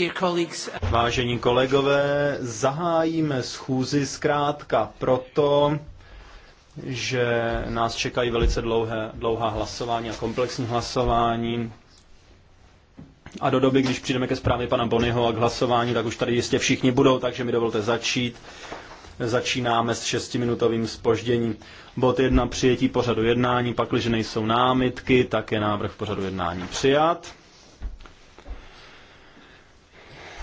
Uh, Vážení kolegové, zahájíme schůzi zkrátka proto, že nás čekají velice dlouhé, dlouhá hlasování a komplexní hlasování. A do doby, když přijdeme ke zprávě pana Bonyho a k hlasování, tak už tady jistě všichni budou, takže mi dovolte začít. Začínáme s šestiminutovým spožděním. Bod jedna přijetí pořadu jednání, pakliže nejsou námitky, tak je návrh pořadu jednání přijat.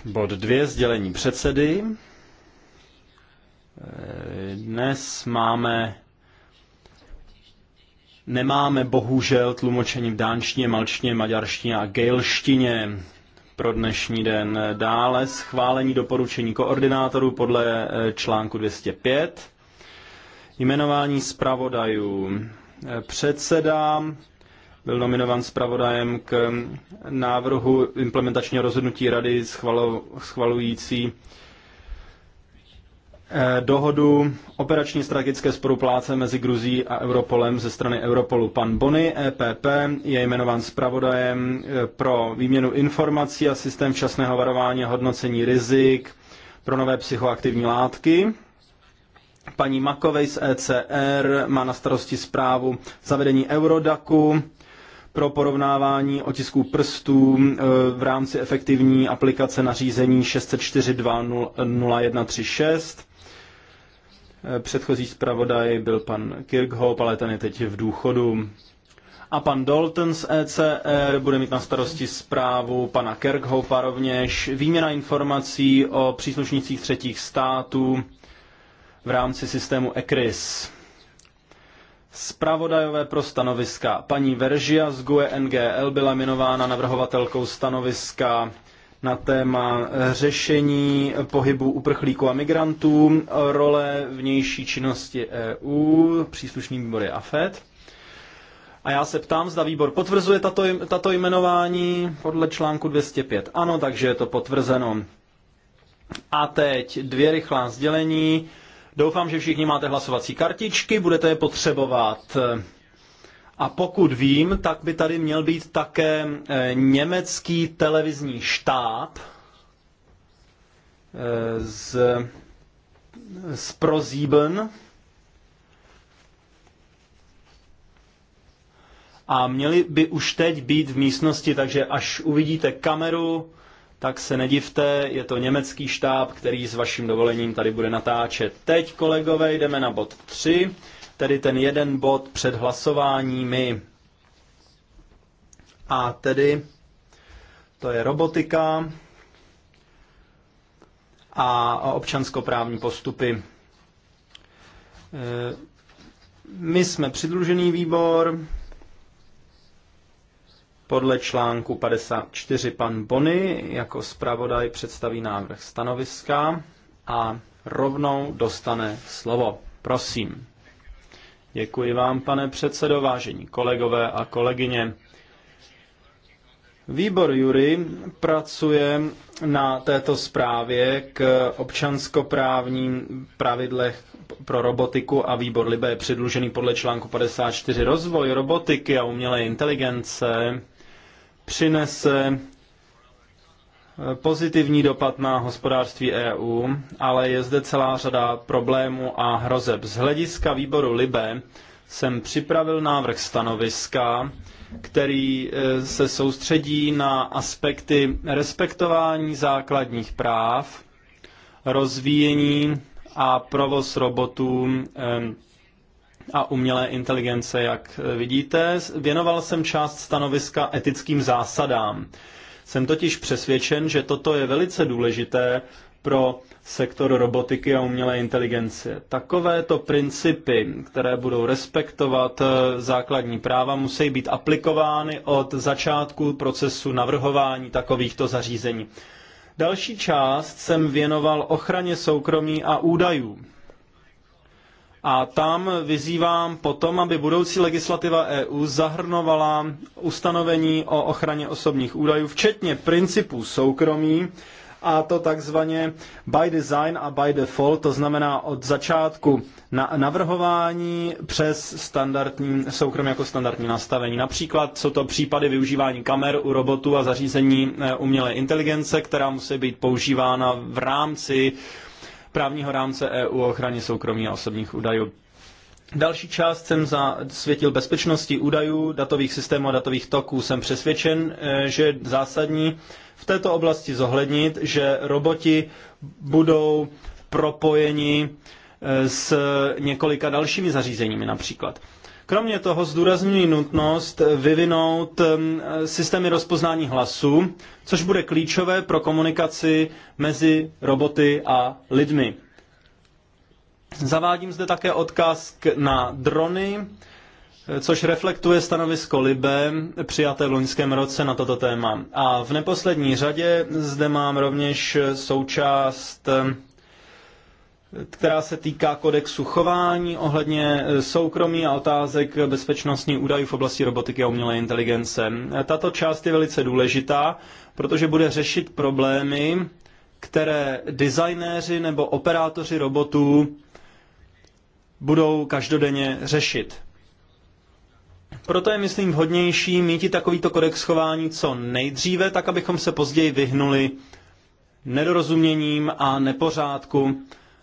Bod 2. Sdělení předsedy. Dnes máme Nemáme bohužel tlumočení v dánštině, malčtině, maďarštině a gejlštině pro dnešní den. Dále schválení doporučení koordinátorů podle eh, článku 205. Jmenování zpravodajů. Eh, předseda byl nominován zpravodajem k návrhu implementačního rozhodnutí rady schvalu, schvalující eh, dohodu operační strategické spolupráce mezi Gruzí a Europolem ze strany Europolu. Pan Bony, EPP, je jmenován zpravodajem eh, pro výměnu informací a systém včasného varování a hodnocení rizik pro nové psychoaktivní látky. Paní Makovej z ECR má na starosti zprávu zavedení Eurodaku pro porovnávání otisků prstů e, v rámci efektivní aplikace nařízení 604.2.0136. E, předchozí zpravodaj byl pan Kirkhope, ale ten je teď v důchodu. A pan Dalton z ECR bude mít na starosti zprávu pana Kirkhopa rovněž. Výměna informací o příslušnících třetích států v rámci systému ECRIS. Spravodajové pro stanoviska. Paní Veržia z GUE NGL byla jmenována navrhovatelkou stanoviska na téma řešení pohybu uprchlíků a migrantů, role vnější činnosti EU, příslušný výbor je AFED. A já se ptám, zda výbor potvrzuje tato, tato jmenování podle článku 205. Ano, takže je to potvrzeno. A teď dvě rychlá sdělení. Doufám, že všichni máte hlasovací kartičky, budete je potřebovat. A pokud vím, tak by tady měl být také eh, německý televizní štáb eh, z, z ProSieben. A měli by už teď být v místnosti, takže až uvidíte kameru, tak se nedivte, je to německý štáb, který s vaším dovolením tady bude natáčet. Teď, kolegové, jdeme na bod 3, tedy ten jeden bod před hlasováními. A tedy to je robotika a občanskoprávní postupy. E, my jsme přidružený výbor, podle článku 54 pan Bony jako zpravodaj představí návrh stanoviska a rovnou dostane slovo. Prosím. Děkuji vám, pane předsedo, vážení kolegové a kolegyně. Výbor Jury pracuje na této zprávě k občanskoprávním pravidlech pro robotiku a výbor Libe je předlužený podle článku 54 rozvoj robotiky a umělé inteligence přinese eh, pozitivní dopad na hospodářství EU, ale je zde celá řada problémů a hrozeb. Z hlediska výboru Libe jsem připravil návrh stanoviska, který eh, se soustředí na aspekty respektování základních práv, rozvíjení a provoz robotů eh, a umělé inteligence, jak eh, vidíte. Věnoval jsem část stanoviska etickým zásadám. Jsem totiž přesvědčen, že toto je velice důležité pro sektor robotiky a umělé inteligence. Takovéto principy, které budou respektovat eh, základní práva, musí být aplikovány od začátku procesu navrhování takovýchto zařízení. Další část jsem věnoval ochraně soukromí a údajů. A tam vyzývám potom, aby budoucí legislativa EU zahrnovala ustanovení o ochraně osobních údajů, včetně principů soukromí, a to takzvaně by design a by default, to znamená od začátku na navrhování přes standardní, soukromí jako standardní nastavení. Například jsou to případy využívání kamer u robotů a zařízení e, umělé inteligence, která musí být používána v rámci právního rámce EU o ochraně soukromí a osobních údajů. Další část jsem zasvětil bezpečnosti údajů, datových systémů a datových toků. Jsem přesvědčen, e, že je zásadní v této oblasti zohlednit, že roboti budou propojeni e, s několika dalšími zařízeními například. Kromě toho zdůrazňuji nutnost vyvinout systémy rozpoznání hlasu, což bude klíčové pro komunikaci mezi roboty a lidmi. Zavádím zde také odkaz na drony, což reflektuje stanovisko Libe přijaté v loňském roce na toto téma. A v neposlední řadě zde mám rovněž součást která se týká kodexu chování ohledně eh, soukromí a otázek bezpečnostní údajů v oblasti robotiky a umělé inteligence. Tato část je velice důležitá, protože bude řešit problémy, které designéři nebo operátoři robotů budou každodenně řešit. Proto je, myslím, vhodnější mít takovýto kodex chování co nejdříve, tak abychom se později vyhnuli nedorozuměním a nepořádku,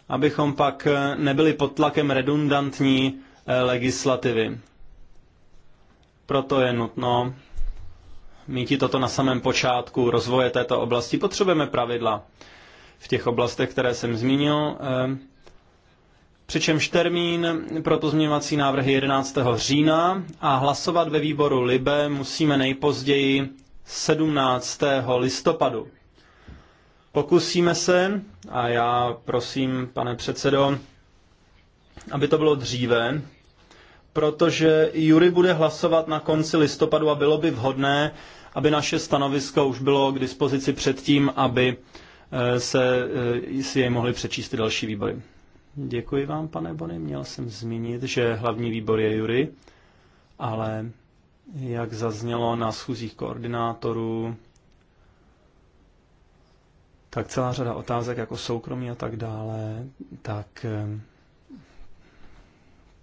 abychom pak eh, nebyli pod tlakem redundantní eh, legislativy. Proto je nutno mít toto na samém počátku rozvoje této oblasti. Potřebujeme pravidla v těch oblastech, které jsem zmínil. Eh, přičemž termín pro pozměňovací návrhy 11. října a hlasovat ve výboru LIBE musíme nejpozději 17. listopadu. Pokusíme se, a já prosím, pane předsedo, aby to bylo dříve, protože Jury bude hlasovat na konci listopadu a bylo by vhodné, aby naše stanovisko už bylo k dispozici předtím, aby eh, se, eh, si jej mohli přečíst i další výbory. Děkuji vám, pane Bony. Měl jsem zmínit, že hlavní výbor je Jury, ale jak zaznělo na schůzích koordinátorů, tak celá řada otázek jako soukromí a tak dále, tak eh,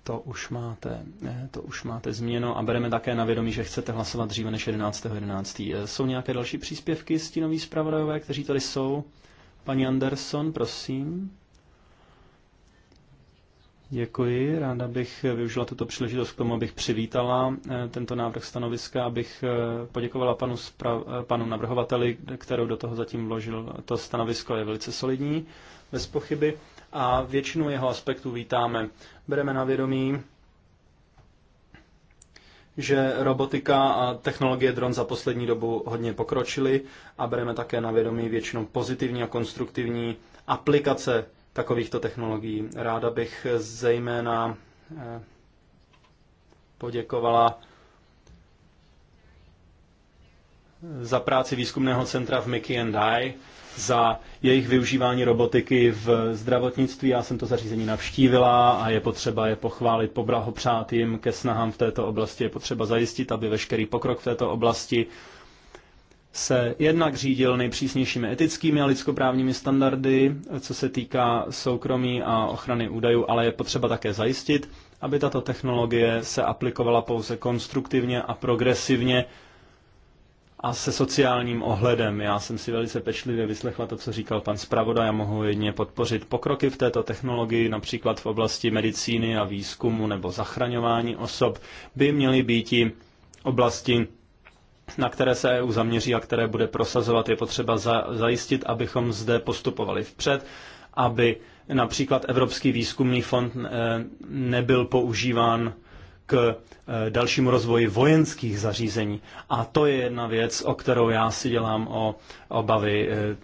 to už máte, eh, to už máte změno a bereme také na vědomí, že chcete hlasovat dříve než 11.11. 11. Eh, jsou nějaké další příspěvky stínoví zpravodajové, kteří tady jsou? Paní Anderson, prosím. Děkuji. Ráda bych využila tuto příležitost k tomu, abych přivítala eh, tento návrh stanoviska, abych eh, poděkovala panu, spra- eh, panu navrhovateli, kterou do toho zatím vložil. To stanovisko je velice solidní, bez pochyby, a většinu jeho aspektů vítáme. Bereme na vědomí, že robotika a technologie dron za poslední dobu hodně pokročily a bereme také na vědomí většinou pozitivní a konstruktivní aplikace takovýchto technologií. Ráda bych zejména eh, poděkovala za práci výzkumného centra v Mickey and I, za jejich využívání robotiky v zdravotnictví. Já jsem to zařízení navštívila a je potřeba je pochválit, poblahopřát jim ke snahám v této oblasti. Je potřeba zajistit, aby veškerý pokrok v této oblasti se jednak řídil nejpřísnějšími etickými a lidskoprávními standardy, co se týká soukromí a ochrany údajů, ale je potřeba také zajistit, aby tato technologie se aplikovala pouze konstruktivně a progresivně a se sociálním ohledem. Já jsem si velice pečlivě vyslechla to, co říkal pan zpravodaj a mohu jedně podpořit pokroky v této technologii, například v oblasti medicíny a výzkumu nebo zachraňování osob, by měly být oblasti na které se EU zaměří a které bude prosazovat, je potřeba za, zajistit, abychom zde postupovali vpřed, aby například Evropský výzkumný fond eh, nebyl používán k eh, dalšímu rozvoji vojenských zařízení. A to je jedna věc, o kterou já si dělám o obavy. Eh,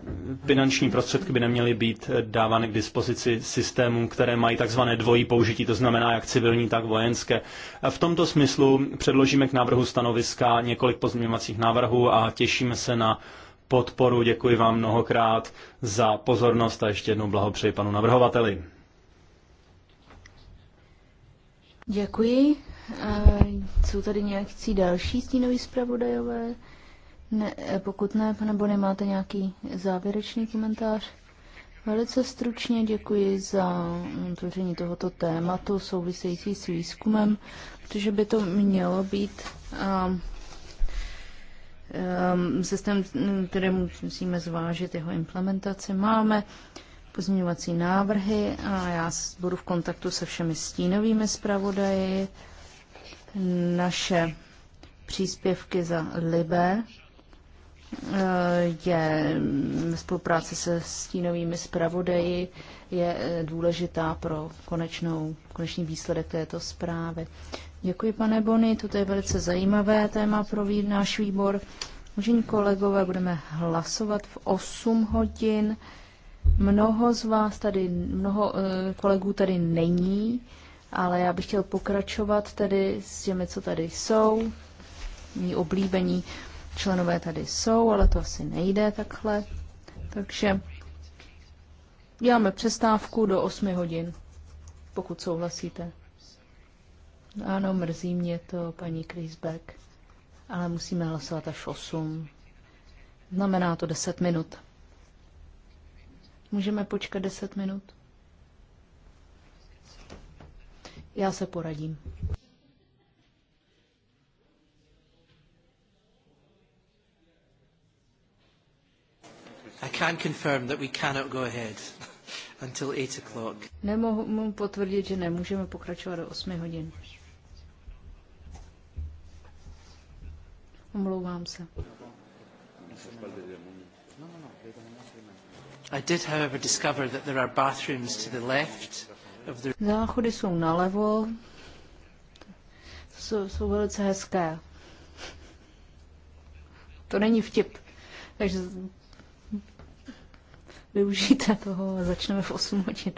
finanční prostředky by neměly být eh, dávány k dispozici systémům, které mají takzvané dvojí použití, to znamená jak civilní, tak vojenské. V tomto smyslu předložíme k návrhu stanoviska několik pozměňovacích návrhů a těšíme se na podporu. Děkuji vám mnohokrát za pozornost a ještě jednou blahopřeji panu navrhovateli. Děkuji. Jsou tady nějaký další stínoví zpravodajové? Ne, eh, pokud ne, nebo nemáte nějaký závěrečný komentář? Velice stručně děkuji za mm, tvoření tohoto tématu související s výzkumem, protože by to mělo být um, um, systém, který musíme zvážit jeho implementaci. Máme pozměňovací návrhy a já budu v kontaktu se všemi stínovými zpravodaji naše příspěvky za Libe eh, je mm, spolupráce se stínovými zpravodaji je eh, důležitá pro konečnou, konečný výsledek této zprávy. Děkuji, pane Bony, toto je velice zajímavé téma pro náš výbor. Vážení kolegové, budeme hlasovat v 8 hodin. Mnoho z vás tady, mnoho eh, kolegů tady není. Ale já bych chtěl pokračovat tedy s těmi, co tady jsou. Mí oblíbení členové tady jsou, ale to asi nejde takhle. Takže děláme přestávku do 8 hodin, pokud souhlasíte. Ano, mrzí mě to, paní Krisbeck, ale musíme hlasovat až 8. Znamená to 10 minut. Můžeme počkat 10 minut? Já se poradím. I can confirm that we cannot go ahead until 8 o'clock. Nemohu potvrdit, že nemůžeme pokračovat do 8 hodin. Omlouvám se. I did, however, discover that there are bathrooms to the left Záchody jsou nalevo, jsou, jsou velice hezké. To není vtip, takže využijte toho a začneme v 8 hodin.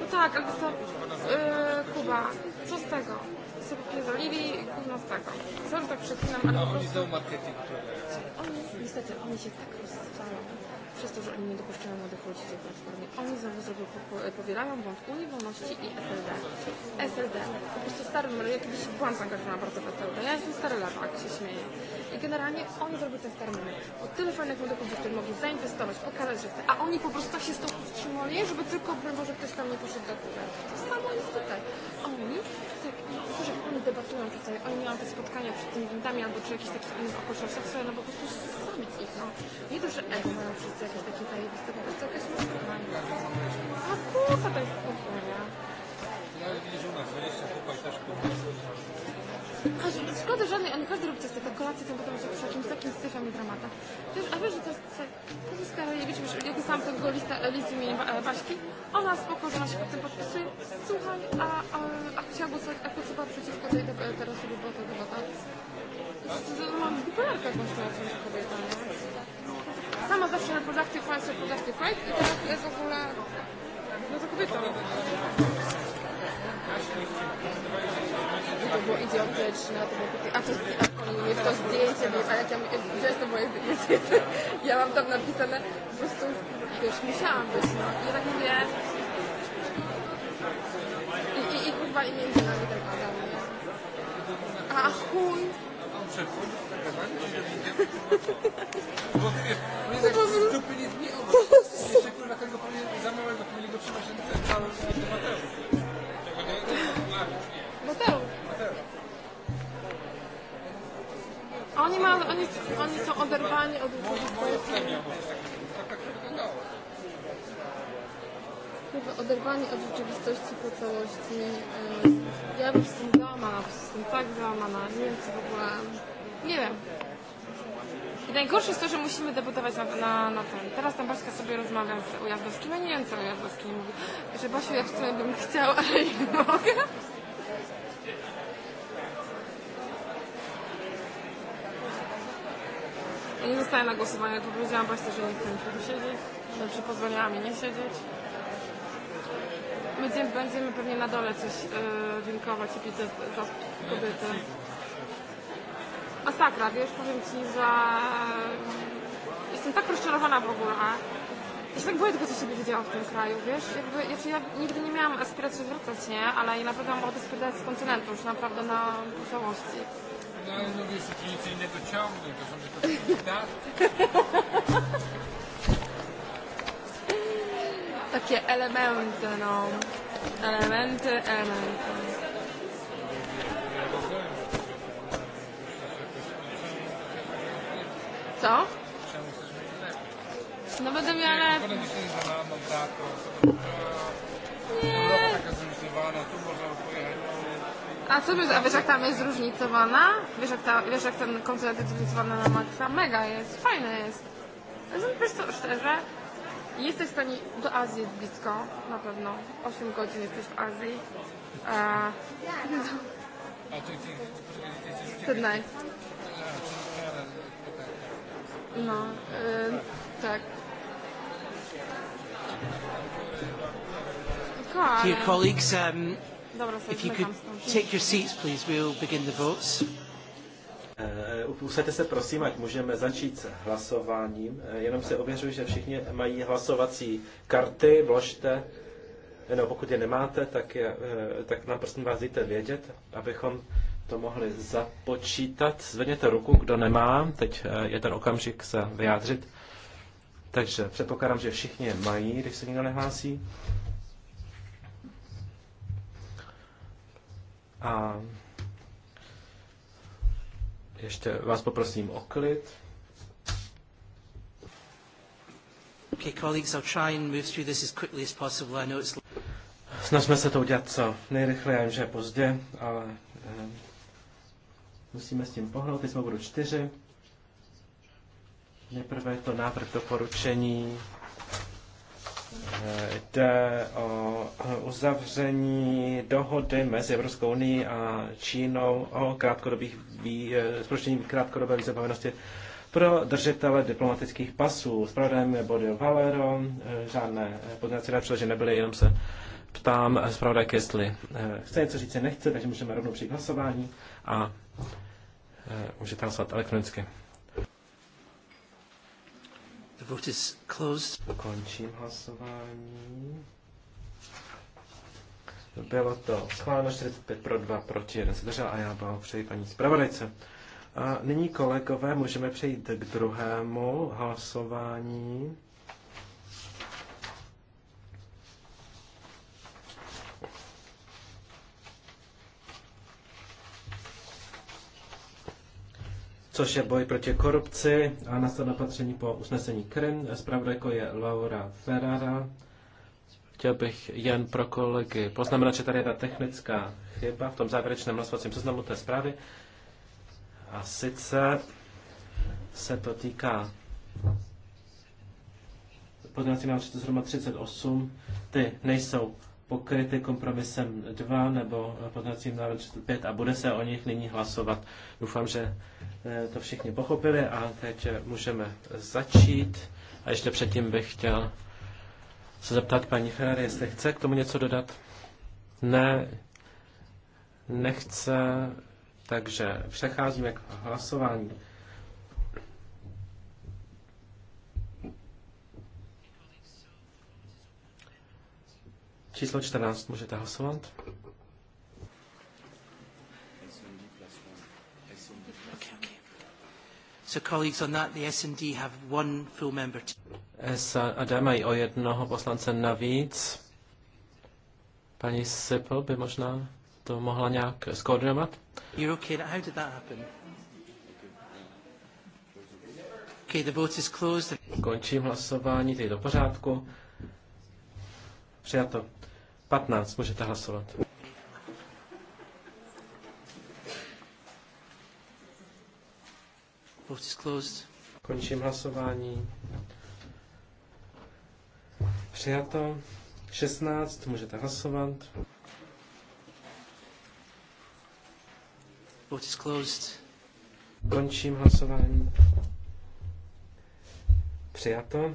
No tak, ale to... Yy, Kuba, co z tego? Sobie pierdolili, gówno z tego. Sorry, tak przeklinam, ale po oni prostu... są marketing Oni, niestety, oni się tak rozstają przez to, że oni nie dopuszczają młodych ludzi do platformie. Oni znowu zrobią, powielają błąd Unii Wolności i SLD. SLD. Po prostu stary numer. Ja kiedyś byłam zaangażowana bardzo w SLD. Ja jestem stary lewak, się śmieję i generalnie oni zrobią ten termin. O tyle fajnych medyków, którzy mogli zainwestować, pokazać, że chce, a oni po prostu tak się z tą powstrzymali, żeby tylko, no, może ktoś tam nie poszedł do góry. To samo jest tutaj. Oni, tak, którzy oni debatują tutaj, oni mają te spotkania przed tymi windami albo przy jakichś takich innych okolicznościach, sobie no po prostu samić ich, no. Nie to, że ego mają wszyscy jakieś takie zajebiste, po prostu jakaś normalna. A kurwa, to jest spokojnie. Ja widzę, że u nas, 20 chłopak też kurwa szkoda żadnej, on każdy robi coś takiego, kolację są potem przy jakimś takim syfem i dramata. Wiesz, a wiesz, że to jest Polska Rajewicz, wiesz, jak sam tego lista listy mi e, Waśki, ona spoko, że ona się pod tym podpisuje, słuchaj, a, a, a chciała głosować, a głosowała przeciwko tej teraz sobie było to debata. Mam bipolarkę jakąś na tym kobietę, nie? Sama zawsze na reproductive rights, reproductive rights i teraz jest w ogóle, no to kobieta другой идет женщина, а то не то с детьми, а я там жестом Я вам там napisane, po prostu już musiałam być, no. I tak mówię, i, i, i kurwa i między nami ten Adam jest. No. A chuj! Bo ty wiesz, on jest jak stupy nie zmienił. Jeszcze kurwa tego pamiętam za małego, to mieli go przynosić cały do Mateusz. oni, ma, oni, oni są oderwani od rzeczywistości. Mówię, oderwani od rzeczywistości po całości. E, ja już jestem załamana, jestem tak załamana. Nie wiem, co w ogóle... Nie wiem. I najgorsze jest to, że musimy debutować na, na, na ten. Teraz tam Baśka sobie rozmawia z Ujazdowskim, ja nie wiem co Ujazdowski mówi. Że Basiu, ja w sumie bym chciała, ale nie mogę. Ja nie zostaję na głosowanie, to powiedziałam Państwu, że nie chcę tu siedzieć, że przypozwoliła mi nie siedzieć. My dzień będziemy pewnie na dole coś yy, e, dziękować i pić za, za kobiety. Masakra, wiesz, powiem Ci, że jestem tak rozczarowana w ogóle. Ja się tak boję tego, co się będzie działo w tym kraju, wiesz? Jakby, ja, ja nigdy nie miałam aspiracji wracać, nie? Ale ja naprawdę mam ochotę sprzedać z kontynentu, już naprawdę na całości. Każdy mówi, że ci nic innego ciągnie, to może to tak? Takie elementy, no. Elementy, elementy. Co? No będę miała Nie, Nie. nie, nie, nie, nie, nie a co wiesz, a wiesz jak tam jest zróżnicowana? Wiesz jak, ta, wiesz jak ten koncert jest zróżnicowany na maksa? Mega jest, fajne jest. No, wiesz co, szczerze, jesteś w stanie, do Azji jest blisko, na pewno. 8 godzin jesteś w Azji. E, uh, Sydney. No, yy, tak. Dear colleagues, um, If you could take your seats, please, we'll begin the votes. Eh, usaďte se prosím, ať můžeme začít s hlasováním. Eh, jenom se ověřuji, že všichni mají hlasovací karty, vložte. No, pokud je nemáte, tak, je, tak nám prosím vás dejte vědět, abychom to mohli započítat. Zvedněte ruku, kdo nemá. Teď je ten okamžik se vyjádřit. Takže předpokládám, že všichni je mají, když se nikdo nehlásí. A ještě vás poprosím o klid. Okay, colleagues, I'll try and move through this as quickly as possible. I know it's... Snažme se to udělat co nejrychleji, já vím, že je pozdě, ale eh, musíme s tím pohnout. Teď jsme bodu čtyři. Nejprve je to návrh doporučení Jde o uzavření dohody mezi Evropskou unii a Čínou o krátkodobých vý, krátkodobé vyzabavenosti pro držitele diplomatických pasů. s Spravodajem je Bodil Valero, žádné podněci že nebyly, jenom se ptám zpravodajky, jestli eh, chce něco říct, nechce, takže můžeme rovnou přijít hlasování a eh, můžete hlasovat elektronicky. Vote is closed. Končím hlasování. Bylo to schváleno 45 pro 2 proti 1 zdržel a já přeji paní zpravodajce. A nyní kolegové můžeme přejít k druhému hlasování. což je boj proti korupci a následné opatření po usnesení Krym. Zpravodajko je Laura Ferrara. Chtěl bych jen pro kolegy poznamenat, že tady je ta technická chyba v tom závěrečném hlasovacím seznamu té zprávy. A sice se to týká pozměňovací návrh 38, ty nejsou pokryty kompromisem 2 nebo pozměňovacím návrhem 5 a bude se o nich nyní hlasovat. Doufám, že Eh, to všichni pochopili a teď eh, můžeme začít. A ještě předtím bych chtěl se zeptat paní Ferrari, jestli chce k tomu něco dodat. Ne, nechce, takže přecházíme k hlasování. Číslo 14 můžete hlasovat. So colleagues on that, the S&D have one full member. SAD mají o jednoho poslance navíc. Paní Sipl by možná to mohla nějak skoordinovat. You're okay. How did that happen? Okay, the vote is closed. Končím hlasování, teď do pořádku. Přijato. 15, můžete hlasovat. closed. Končím hlasování. Přijato. 16, můžete hlasovat. Vote is closed. Končím hlasování. Přijato.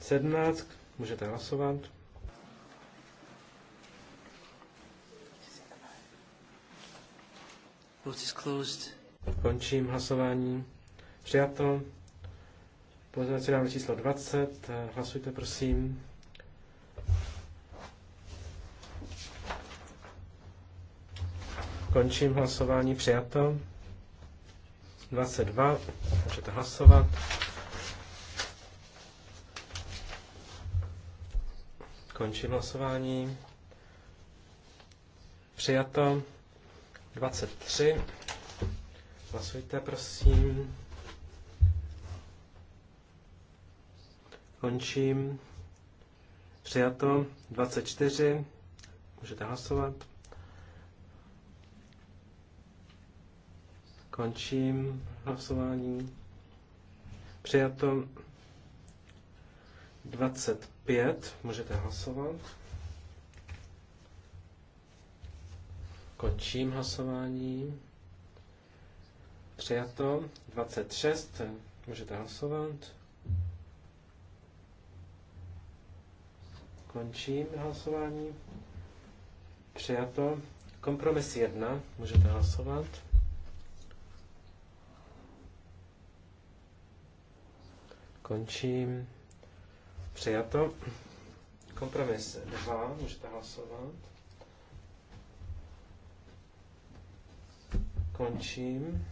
17, můžete hlasovat. Vote is closed. Končím hlasování. Přijato. Pozměňovací dáme číslo 20. Hlasujte, prosím. Končím hlasování. Přijato. 22. Můžete hlasovat. Končím hlasování. Přijato. 23. Hlasujte, prosím. Končím. Přijato 24. Můžete hlasovat. Končím hlasování. Přijato 25. Můžete hlasovat. Končím hlasování. Přijato 26. Můžete hlasovat. Končím hlasování. Přijato. Kompromis 1. Můžete hlasovat. Končím. Přijato. Kompromis 2. Můžete hlasovat. Končím.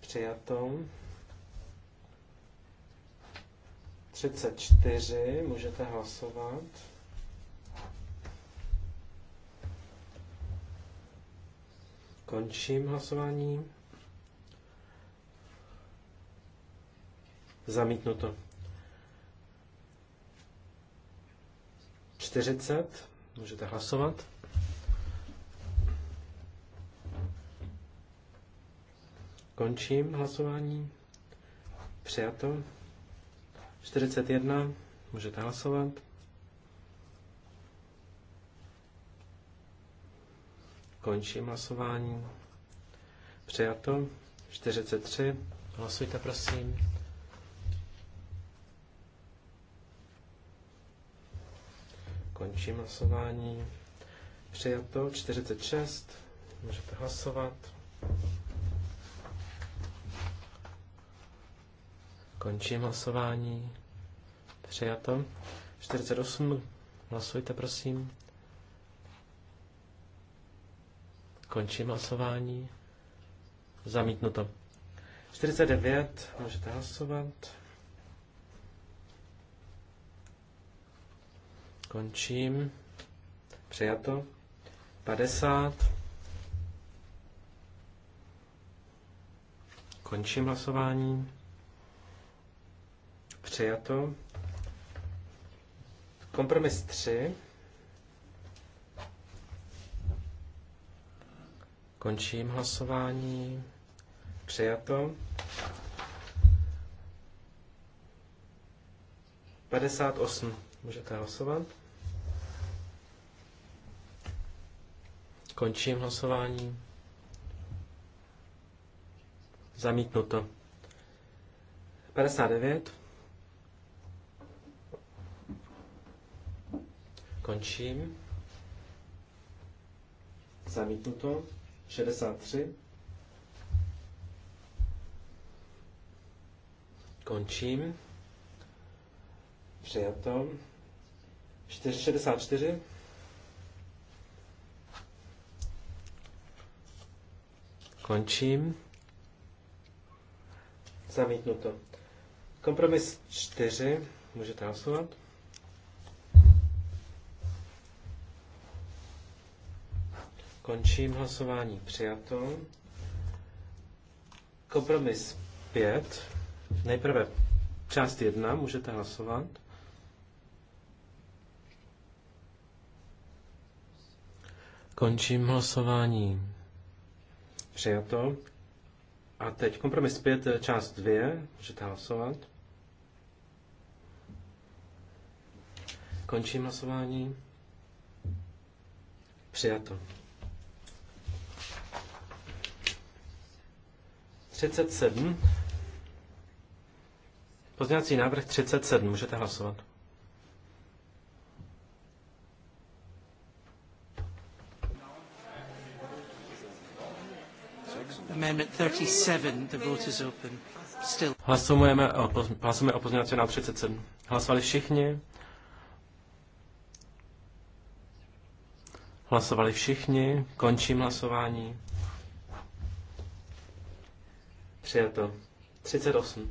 Přijato. 34, můžete hlasovat. Končím hlasování. Zamítnuto. 40, můžete hlasovat. Končím hlasování. Přijato. 41. Můžete hlasovat. Končím hlasování. Přijato. 43. Hlasujte, prosím. Končím hlasování. Přijato. 46. Můžete hlasovat. Končím hlasování. Přijato. 48. Hlasujte, prosím. Končím hlasování. Zamítnuto. 49. Můžete hlasovat. Končím. Přijato. 50. Končím hlasování přijato. Kompromis 3. Končím hlasování. Přijato. 58. Můžete hlasovat. Končím hlasování. Zamítnuto. 59. Končím. Zamítnuto. 63. Končím. Přijato. 64. Končím. Zamítnuto. Kompromis 4. Můžete hlasovat. Končím hlasování přijato. Kompromis 5. Nejprve část 1, můžete hlasovat. Končím hlasování. Přijato. A teď kompromis 5, část 2, můžete hlasovat. Končím hlasování. Přijato. 37. Pozměňovací návrh 37. Můžete hlasovat. Amendment 37, the vote is open. Still. Hlasujeme o, hlasujeme o pozměňovací návrh 37. Hlasovali všichni. Hlasovali všichni. Končím hlasování. Přijato. 38.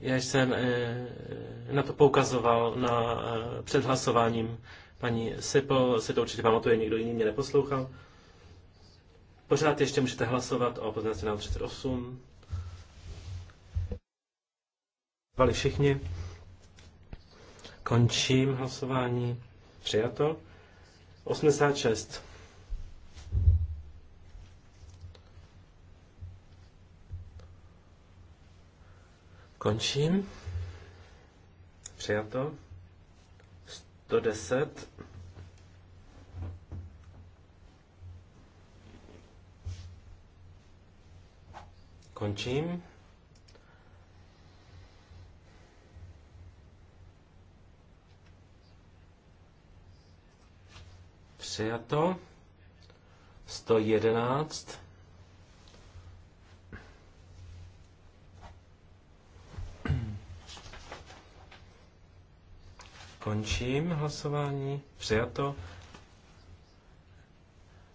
Já jsem eh, na to poukazoval na, eh, před hlasováním. Paní Sipo se to určitě pamatuje, někdo jiný mě neposlouchal. Pořád ještě můžete hlasovat o poznávací návrh 38. Hlasovali všichni. Končím hlasování. Přijato. 86. Končím. Přijato. 110. Končím. Přijato. 111. Končím hlasování. Přijato.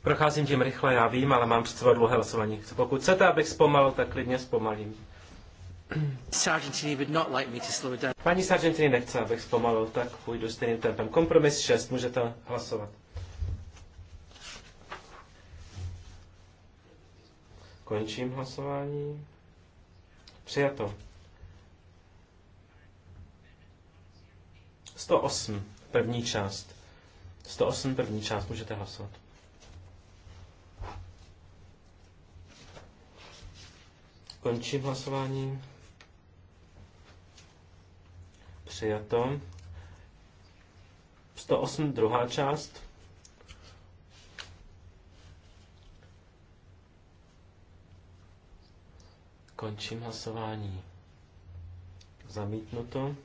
Procházím tím rychle, já vím, ale mám před sebou dlouhé hlasování. Pokud chcete, abych zpomalil, tak klidně zpomalím. Paní Sargentini nechce, abych zpomalil, tak půjdu stejným tempem. Kompromis 6, můžete hlasovat. Končím hlasování. Přijato. 108, první část. 108, první část, můžete hlasovat. Končím hlasování. Přijato. 108, druhá část. Končím hlasování. Zamítnuto.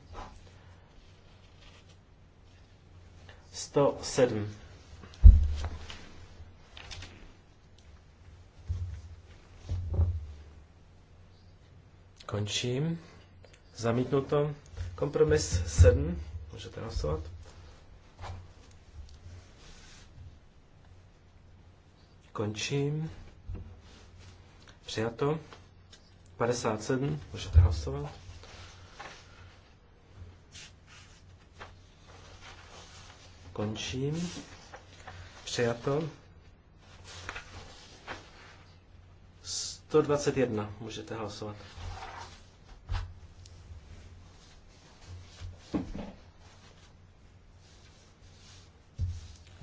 107. Končím. Zamítnuto. Kompromis 7. Můžete hlasovat. Končím. Přijato. 57. Můžete hlasovat. Končím. Přijato. 121. Můžete hlasovat.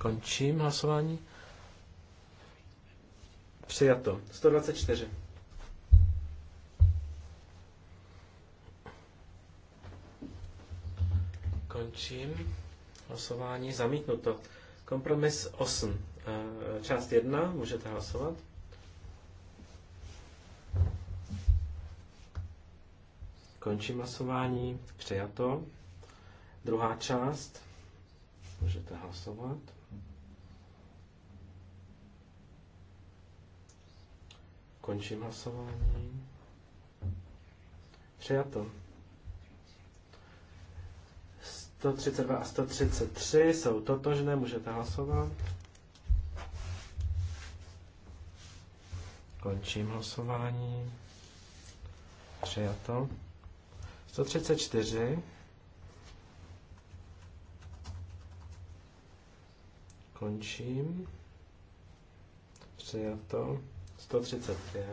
Končím hlasování. Přijato. 124. Končím hlasování. Zamítnuto. Kompromis 8. Eh, část 1. Můžete hlasovat. Končím hlasování. Přijato. Druhá část. Můžete hlasovat. Končím hlasování. Přijato. 132 a 133 jsou totožné, můžete hlasovat. Končím hlasování. Přijato. 134. Končím. Přijato. 135.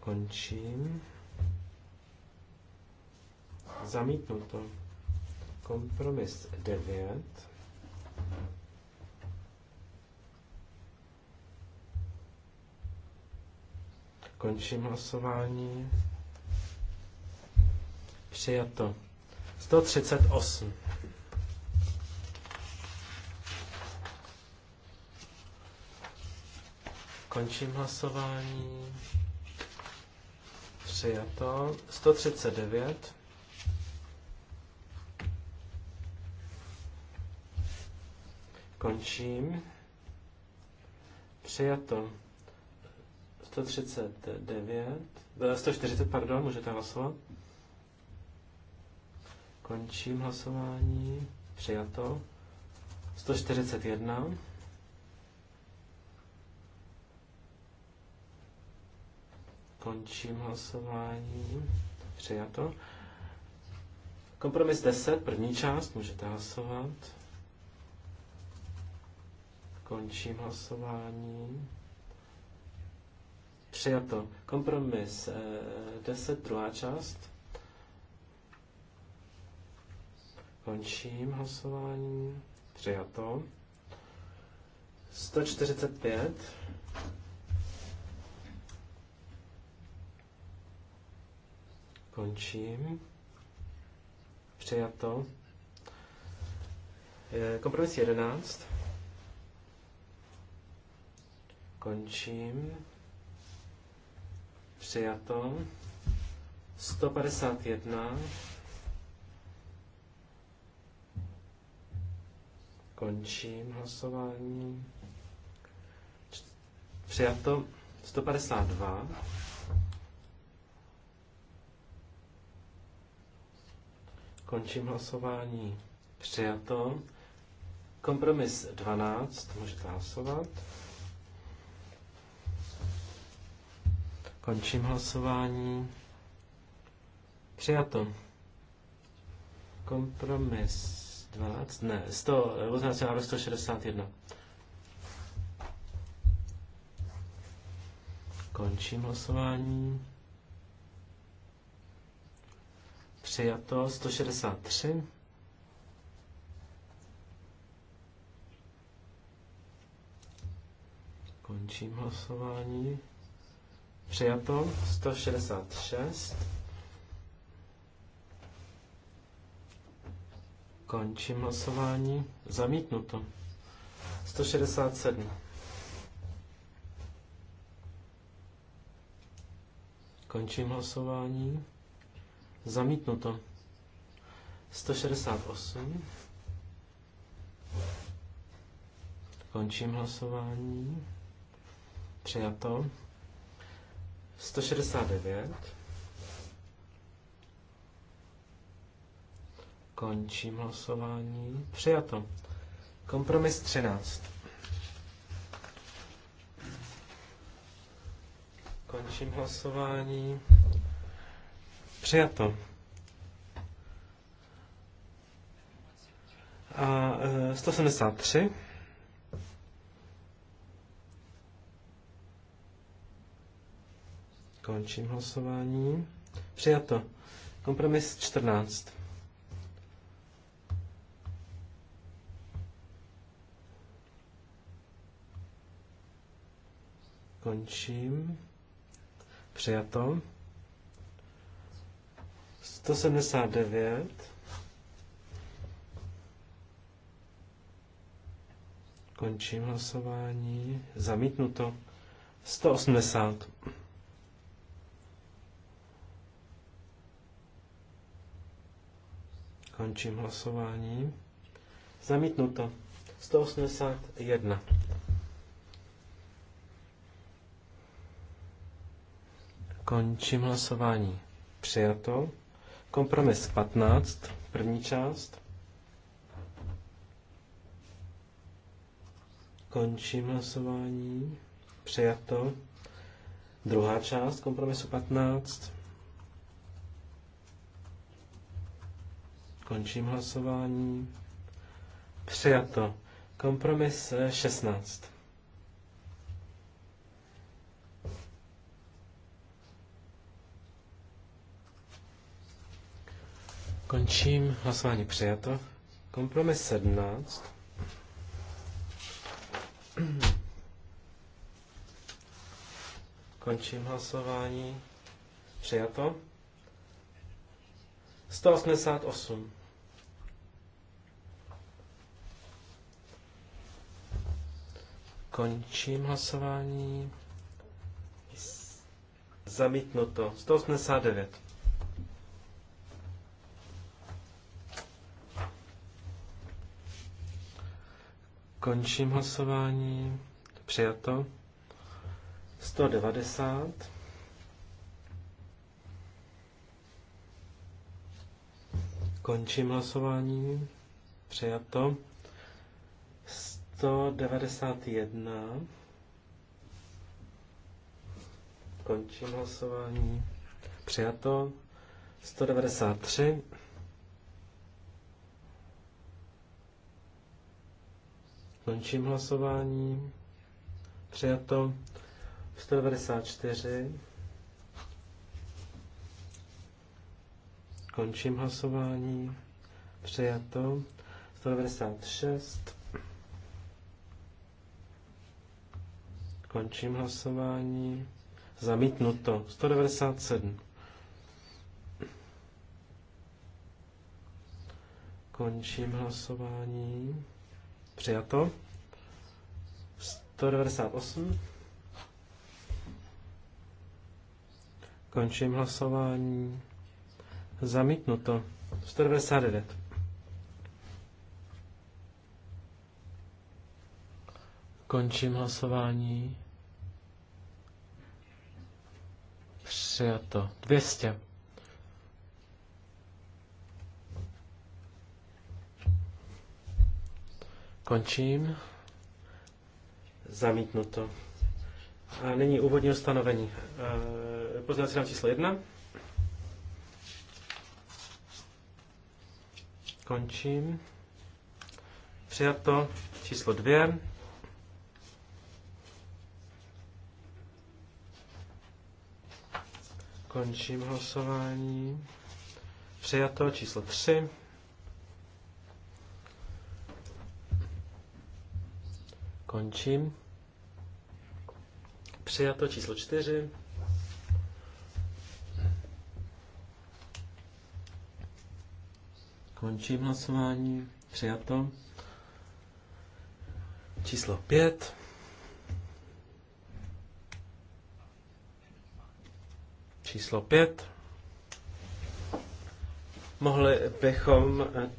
Končím. to. Kompromis 9. Končím hlasování. Přijato. 138. Končím hlasování. Přijato. 139. Končím. Přijato. 139. 140, eh, pardon, můžete hlasovat. Končím hlasování. Přijato. 141. Končím hlasování. Přijato. Kompromis 10, první část, můžete hlasovat. Končím hlasování. Přijato. Kompromis 10, eh, druhá část. Končím hlasování. Přijato. 145. Končím. Přijato. Kompromis 11. Končím. Přijato. 151. Končím hlasování. Přijato 152. Končím hlasování. Přijato. Kompromis 12. Můžete hlasovat. Končím hlasování. Přijato. Kompromis 12, ne, 100, pozměňovací návrh 161. Končím hlasování. Přijato 163. Končím hlasování. Přijato 166. Končím hlasování. Zamítnuto. 167. Končím hlasování. Zamítnuto. 168. Končím hlasování. Přijato. 169. Končím hlasování. Přijato. Kompromis 13. Končím hlasování. Přijato. A 173. E, Končím hlasování. Přijato. Kompromis 14. Končím. Přijato. 179. Končím hlasování. Zamítnuto. 180. Končím hlasování. Zamítnuto. 181. Končím hlasování. Přijato. Kompromis 15, první část. Končím hlasování. Přijato. Druhá část kompromisu 15. Končím hlasování. Přijato. Kompromis 16. Eh, Končím hlasování přijato. Kompromis 17. Končím hlasování. Přijato. 188. Končím hlasování. Zamítnuto. 189. Končím hlasování. Přijato. 190. Končím hlasování. Přijato. 191. Končím hlasování. Přijato. 193. Končím hlasování. Přijato 194. Končím hlasování. Přijato 196. Končím hlasování. Zamítnuto 197. Končím hlasování. Přijato. 198. Končím hlasování. Zamítnuto. 199. Končím hlasování. Přijato. 200. Končím. Zamítnuto. A nyní úvodní ustanovení. E, Poznávací nám číslo jedna. Končím. Přijato číslo dvě. Končím hlasování. Přijato číslo 3. Končím. Přijato číslo čtyři. Končím hlasování. Přijato. Číslo pět. Číslo pět. Mohli bychom eh,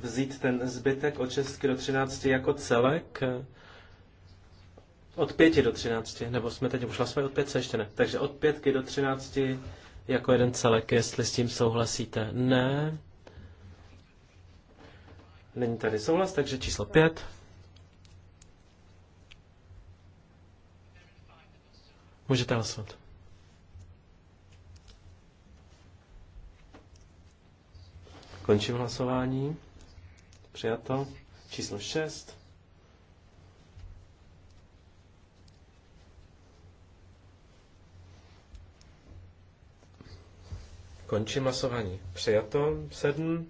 vzít ten zbytek od 6 do 13 jako celek. Od pěti do třinácti, nebo jsme teď už jsme od pětce, ještě ne. Takže od pětky do třinácti jako jeden celek, jestli s tím souhlasíte. Ne. Není tady souhlas, takže číslo pět. Můžete hlasovat. Končím hlasování. Přijato. Číslo 6. Končím hlasování. Přijato. Sedm.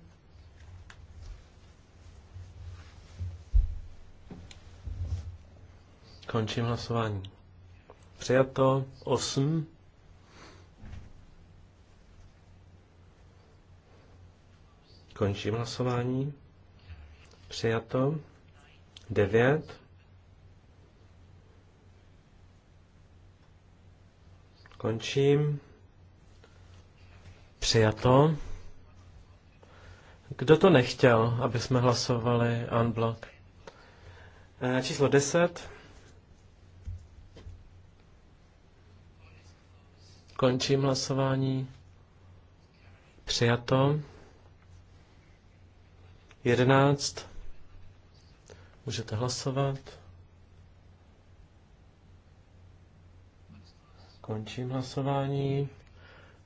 Končím hlasování. Přijato. Osm. Končím hlasování. Přijato. Devět. Končím. Přijato. Kdo to nechtěl, aby jsme hlasovali unblock? Eh, číslo 10. Končím hlasování. Přijato. 11. Můžete hlasovat. Končím hlasování.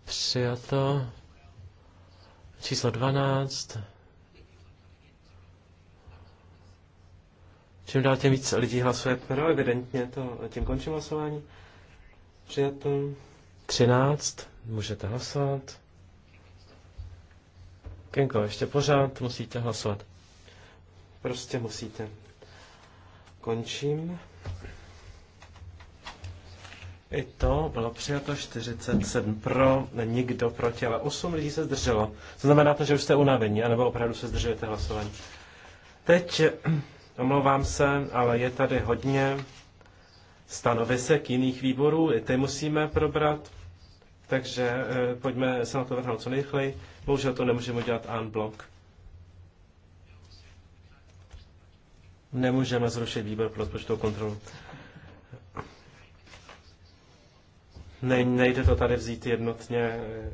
Přijato. Číslo 12. Čím dál tím víc lidí hlasuje pro, evidentně to, tím končím hlasování. Přijato. 13. Můžete hlasovat. Kenko, ještě pořád musíte hlasovat. Prostě musíte. Končím. I to bylo přijato 47 pro, nikdo proti, ale 8 lidí se zdrželo. To znamená to, že už jste unavení, anebo opravdu se zdržujete hlasování. Teď, omlouvám se, ale je tady hodně stanovisek jiných výborů, i ty musíme probrat, takže eh, pojďme se na to vrhnout co nejrychleji. Bohužel to nemůžeme dělat en blok. Nemůžeme zrušit výbor pro rozpočtovou kontrolu. Ne, nejde to tady vzít jednotně, eh,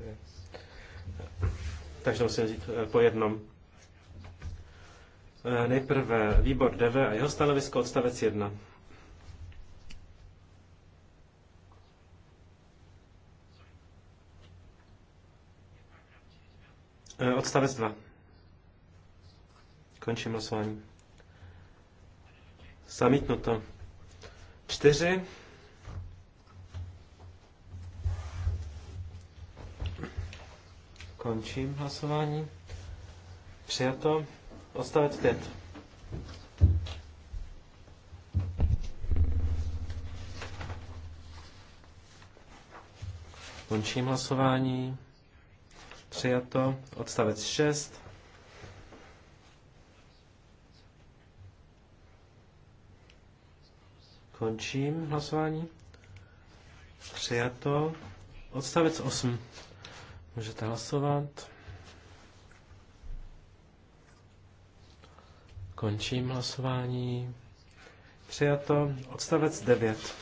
takže to musíme vzít eh, po jednom. Eh, nejprve výbor DV a jeho stanovisko odstavec 1. Odstavec 2. Končím hlasování. Zamítnuto. 4. Končím hlasování. Přijato. Odstavec 5. Končím hlasování. Přijato. Odstavec 6. Končím hlasování. Přijato. Odstavec 8. Můžete hlasovat. Končím hlasování. Přijato odstavec 9.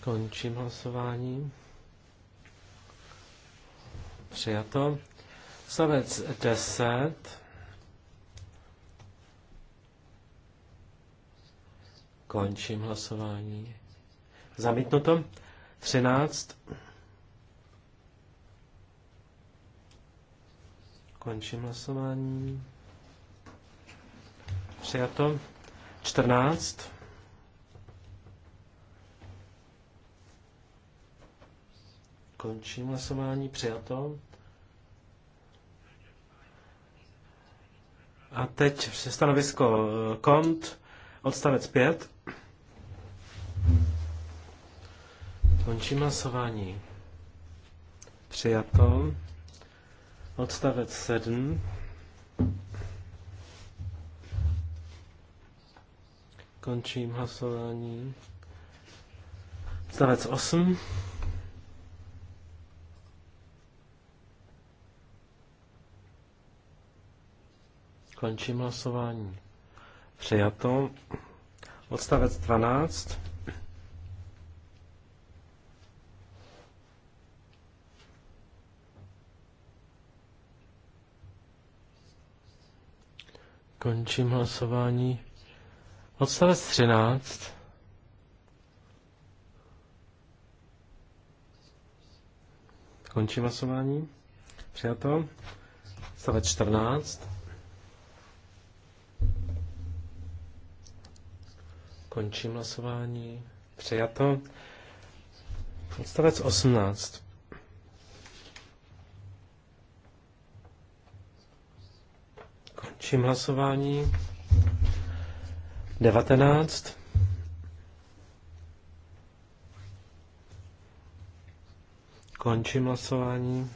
Končím hlasování. Přijato. Odstavec 10. Končím hlasování. Zamítnuto. 13. Končím hlasování. Přijato. 14. Končím hlasování. Přijato. A teď stanovisko eh, kont, odstavec 5. Končím hlasování. Přijato. Odstavec 7. Končím hlasování. Odstavec 8. Končím hlasování. Přijato. Odstavec 12. Končím hlasování. Odstavec 13. Končím hlasování. Přijato. Odstavec 14. Končím hlasování. Přijato. Odstavec 18. čím hlasování. 19. Končím hlasování.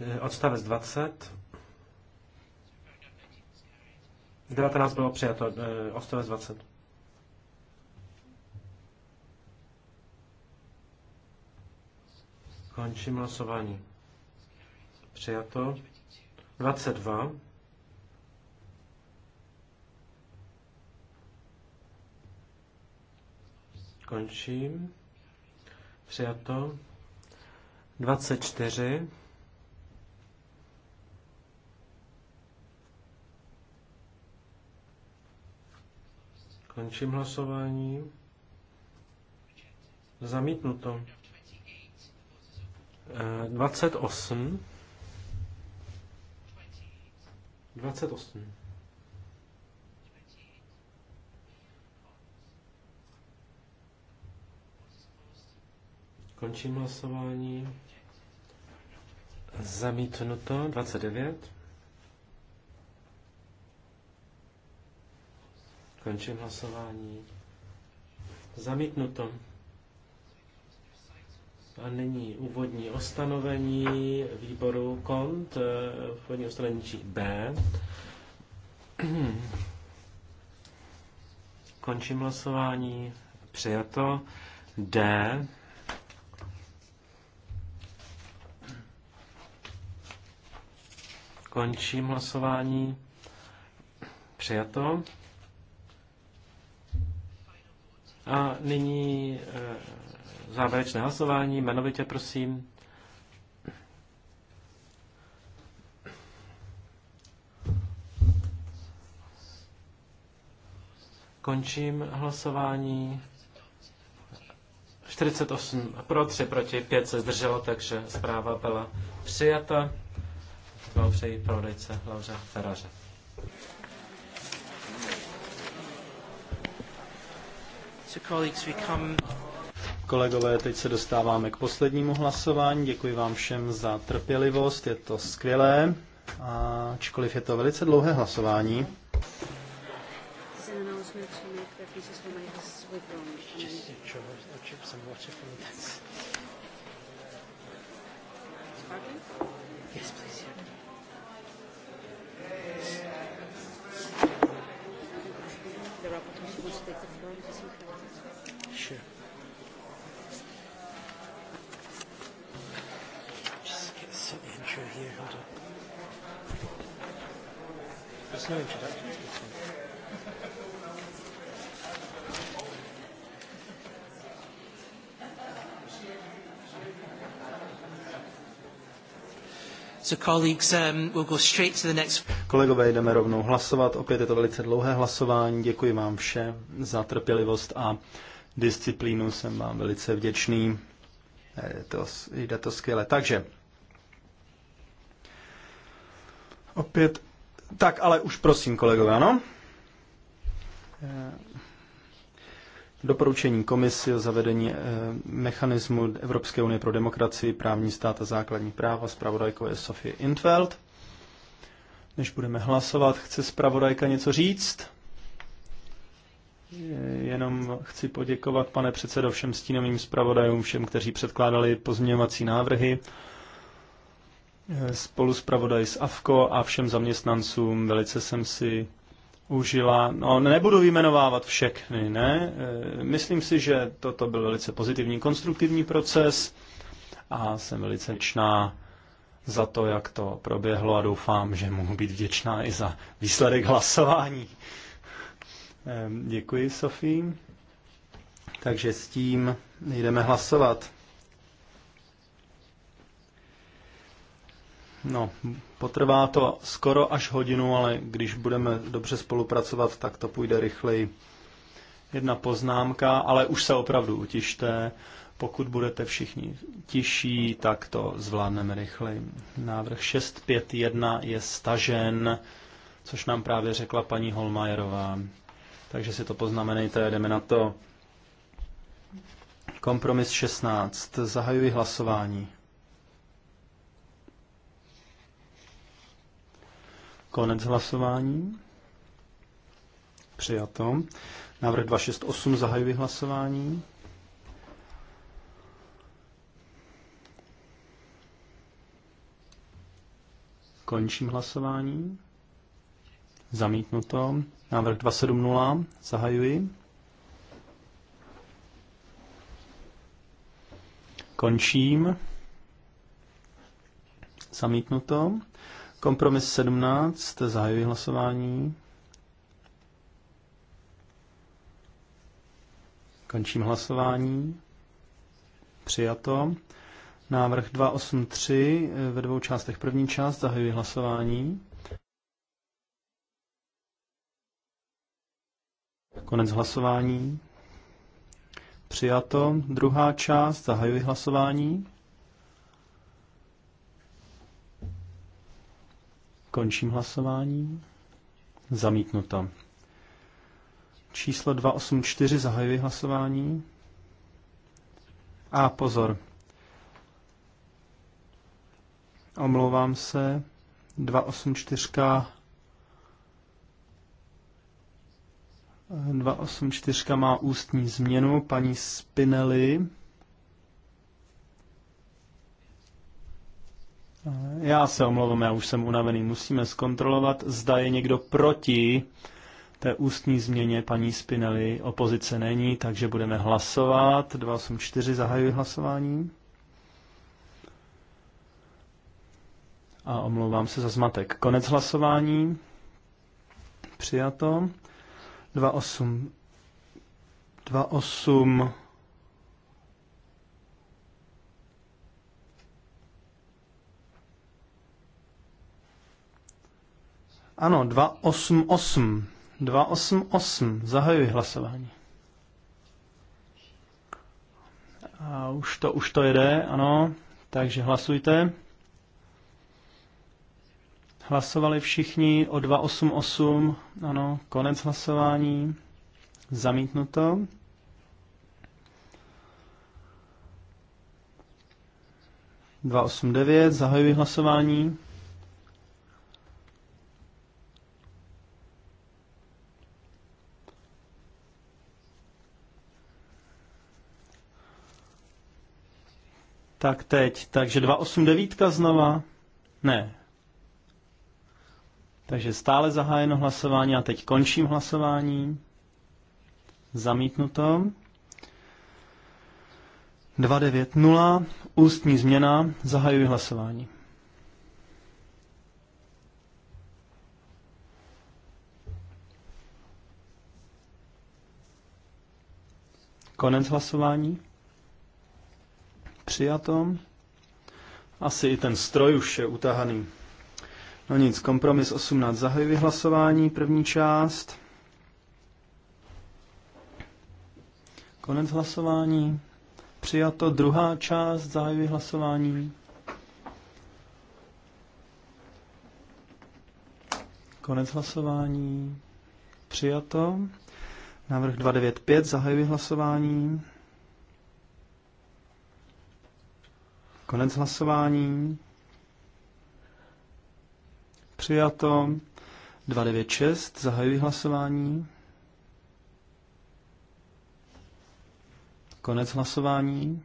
Eh, odstavec 20. 19 bylo přijato, eh, odstavec 20. Končím hlasování. Přijato. 22. Končím. Přijato. 24. Končím hlasování. Zamítnuto. 28. Eh, 28. Končím hlasování. Zamítnuto 29. Končím hlasování. Zamítnuto. A nyní úvodní ostanovení výboru KONT, eh, úvodní ostanovení B. Končím hlasování. Přijato. D. Končím hlasování. Přijato. A nyní eh, závěrečné hlasování, jmenovitě prosím. Končím hlasování. 48 pro, 3 proti, 5 se zdrželo, takže zpráva byla přijata. Blahopřeji prodejce Lauře Feraře. Kolegové, teď se dostáváme k poslednímu hlasování. Děkuji vám všem za trpělivost, je to skvělé, ačkoliv je to velice dlouhé hlasování. Yes, please. The rapporteur to take the floor. no So colleagues, um, we'll go straight to the next... Kolegové, jdeme rovnou hlasovat. Opět je to velice dlouhé hlasování. Děkuji vám vše za trpělivost a disciplínu. Jsem vám velice vděčný. Je to, jde to skvěle. Takže opět tak, ale už prosím, kolegové, ano? Eh, doporučení komisi o zavedení eh, mechanismu Evropské unie pro demokracii, právní stát a základní práva. zpravodajkou je Sofie Intveld. Než budeme hlasovat, chce spravodajka něco říct? Eh, jenom chci poděkovat, pane předsedo, všem stínovým zpravodajům, všem, kteří předkládali pozměňovací návrhy spolu s pravodaj s AFKO a všem zaměstnancům. Velice jsem si užila. No, nebudu vyjmenovávat všechny, ne? E, myslím si, že toto byl velice pozitivní, konstruktivní proces a jsem velice vděčná za to, jak to proběhlo a doufám, že mohu být vděčná i za výsledek hlasování. E, děkuji, Sofí. Takže s tím jdeme hlasovat. No, potrvá to skoro až hodinu, ale když budeme dobře spolupracovat, tak to půjde rychleji. Jedna poznámka, ale už se opravdu utište. Pokud budete všichni tiší, tak to zvládneme rychleji. Návrh 651 je stažen, což nám právě řekla paní Holmajerová. Takže si to poznamenejte, jdeme na to. Kompromis 16. Zahajuji hlasování. Konec hlasování. Přijato. Návrh 268 zahajuji hlasování. Končím hlasování. Zamítnuto. Návrh 270 zahajuji. Končím. Zamítnuto. Kompromis 17, zahajuji hlasování. Končím hlasování. Přijato. Návrh 283 eh, ve dvou částech. První část zahajuji hlasování. Konec hlasování. Přijato. Druhá část zahajuji hlasování. Končím hlasování. Zamítnuto. Číslo 284 zahajuji hlasování. A pozor. Omlouvám se. 284 284 má ústní změnu paní Spinelli. Já se omlouvám, já už jsem unavený. Musíme zkontrolovat, zda je někdo proti té ústní změně paní Spinelli. Opozice není, takže budeme hlasovat. 284 zahajuji hlasování. A omlouvám se za zmatek. Konec hlasování. Přijato. 28 28 Ano, 288. 288. Zahajuji hlasování. A už to, už to jede, ano. Takže hlasujte. Hlasovali všichni o 288. Ano, konec hlasování. Zamítnuto. Dva osm devět, zahajuji hlasování. Tak teď, takže 289 znova? Ne. Takže stále zahájeno hlasování a teď končím hlasování. Zamítnuto. 290, ústní změna, zahajuji hlasování. Konec hlasování. Přijato. Asi i ten stroj už je utahaný. No nic, kompromis 18. Zahajuji hlasování, první část. Konec hlasování. Přijato druhá část, zahajuji hlasování. Konec hlasování. Přijato. Návrh 295, zahajuji hlasování. Konec hlasování. Přijato. 296. Zahajuji hlasování. Konec hlasování.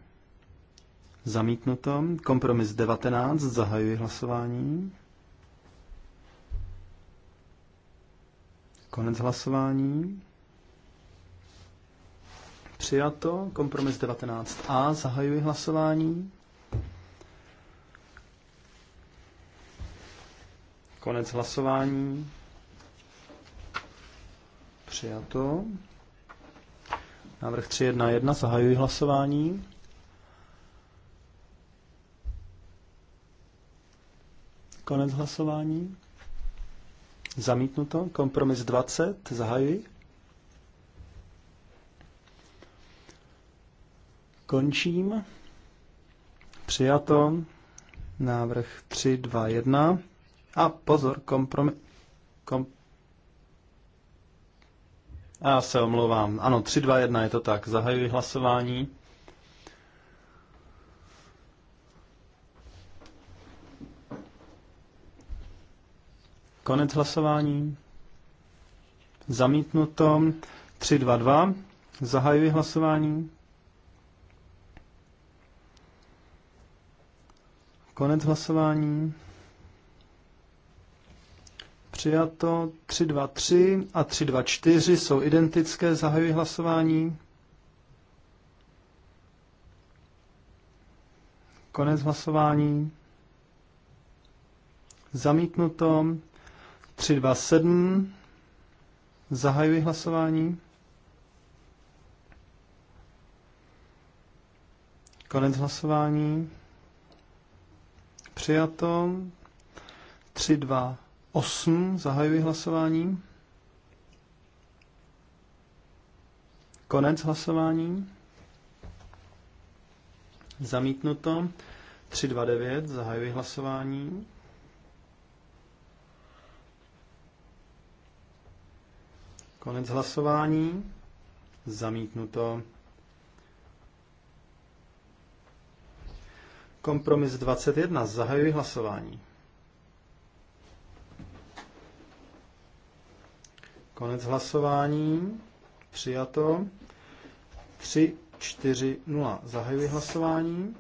Zamítnuto. Kompromis 19. Zahajuji hlasování. Konec hlasování. Přijato. Kompromis 19a. Zahajuji hlasování. Konec hlasování. Přijato. Návrh 3.1.1. Zahajuji hlasování. Konec hlasování. Zamítnuto. Kompromis 20. Zahajuji. Končím. Přijato. Návrh 3.2.1. 1. A pozor, kompromis... Kom... A já se omlouvám. Ano, 3, 2, 1 je to tak. Zahajuji hlasování. Konec hlasování. Zamítnuto 3, 2, 2. Zahajuji hlasování. Konec hlasování. Přijato 323 a 324 jsou identické, zahajuji hlasování. Konec hlasování. Zamítnuto 327. Zahajuji hlasování. Konec hlasování. Přijato 3, 2, 8 zahajuji hlasování. Konec hlasování. Zamítnuto. 329 zahajuji hlasování. Konec hlasování. Zamítnuto. Kompromis 21. Zahajuji hlasování. Konec hlasování. Přijato. 3, 4, 0. Zahajuji hlasování.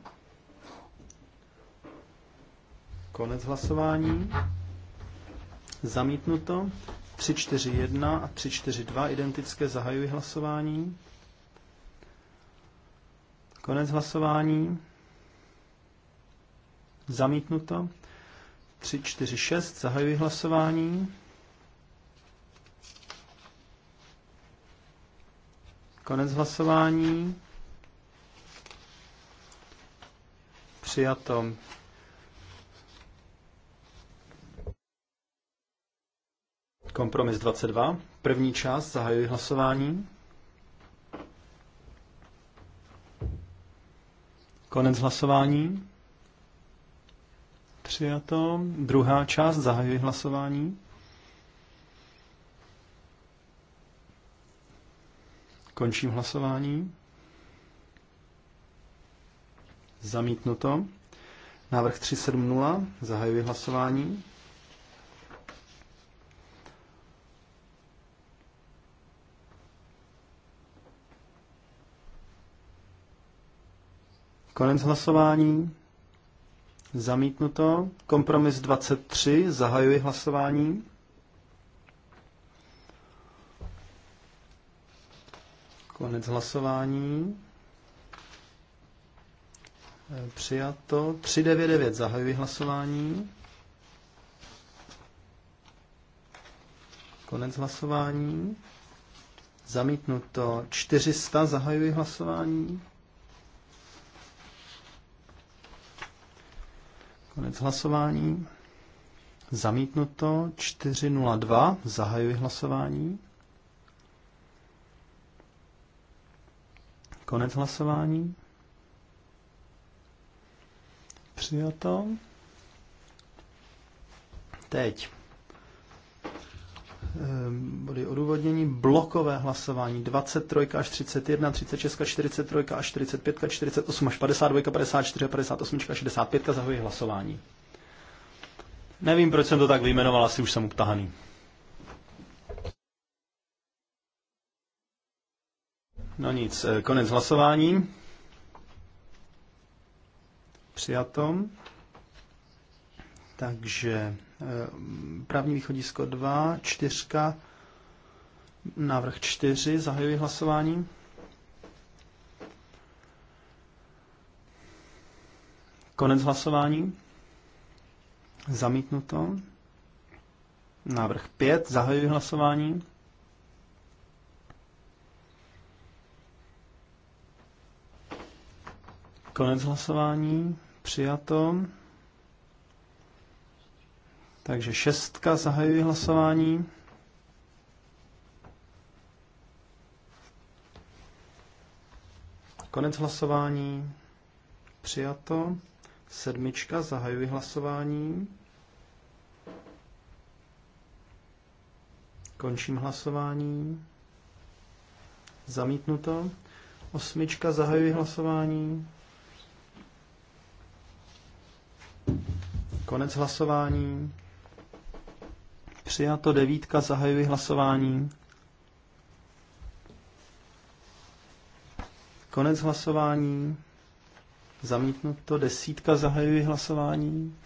Konec hlasování. Zamítnuto. 3, 4, 1 a 3, 4, 2. Identické. Zahajuji hlasování. Konec hlasování. Zamítnuto. 3, 4, 6. Zahajuji hlasování. Konec hlasování. Přijato. Kompromis 22. První část zahajuji hlasování. Konec hlasování. Přijato. Druhá část zahajuji hlasování. Končím hlasování. Zamítnuto. Návrh 370. Zahajuji hlasování. Konec hlasování. Zamítnuto. Kompromis 23. Zahajuji hlasování. Konec hlasování. E, přijato. 399 zahajuji hlasování. Konec hlasování. Zamítnuto. 400 zahajuji hlasování. Konec hlasování. Zamítnuto. 402 zahajuji hlasování. Konec hlasování. Přijato. Teď ehm, body odůvodnění, blokové hlasování 23 až 31, 36, 43 až 45, 48 až 52, 54, 58, 65 zahojí hlasování. Nevím, proč jsem to tak vyjmenoval, asi už jsem utahaný. No nic, eh, konec hlasování. Přijato. Takže eh, právní východisko 2, 4, návrh 4, zahajuji hlasování. Konec hlasování. Zamítnuto. Návrh 5, zahajuji hlasování. Konec hlasování. Přijato. Takže šestka, zahajuji hlasování. Konec hlasování. Přijato. Sedmička, zahajuji hlasování. Končím hlasování. Zamítnuto. Osmička, zahajuji hlasování. Konec hlasování. Přijato devítka, zahajuji hlasování. Konec hlasování. Zamítnuto desítka, zahajuji hlasování.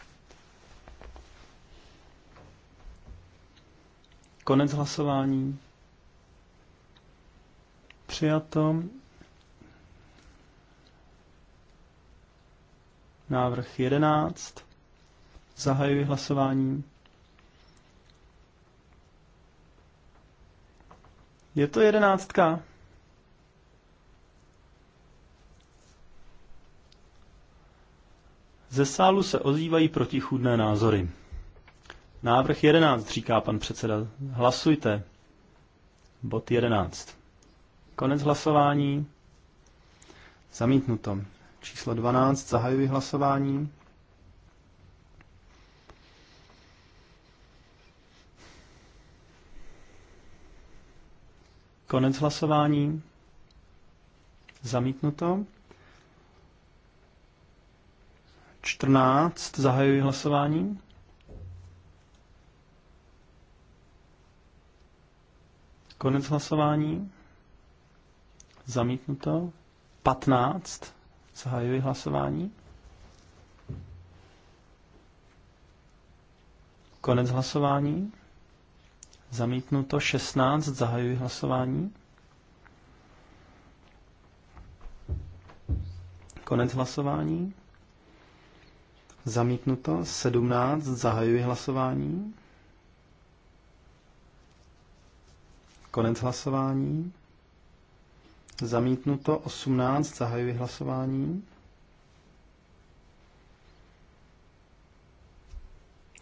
Konec hlasování. Přijato. Návrh jedenáct. Zahajuji hlasování. Je to jedenáctka. Ze sálu se ozývají protichůdné názory. Návrh 11, říká pan předseda. Hlasujte. Bod 11. Konec hlasování. Zamítnuto. Číslo 12. Zahajuji hlasování. Konec hlasování. Zamítnuto. 14. Zahajuji hlasování. Konec hlasování. Zamítnuto. 15. Zahajuji hlasování. Konec hlasování. Zamítnuto 16, zahajuji hlasování. Konec hlasování. Zamítnuto 17, zahajuji hlasování. Konec hlasování. Zamítnuto 18, zahajuji hlasování.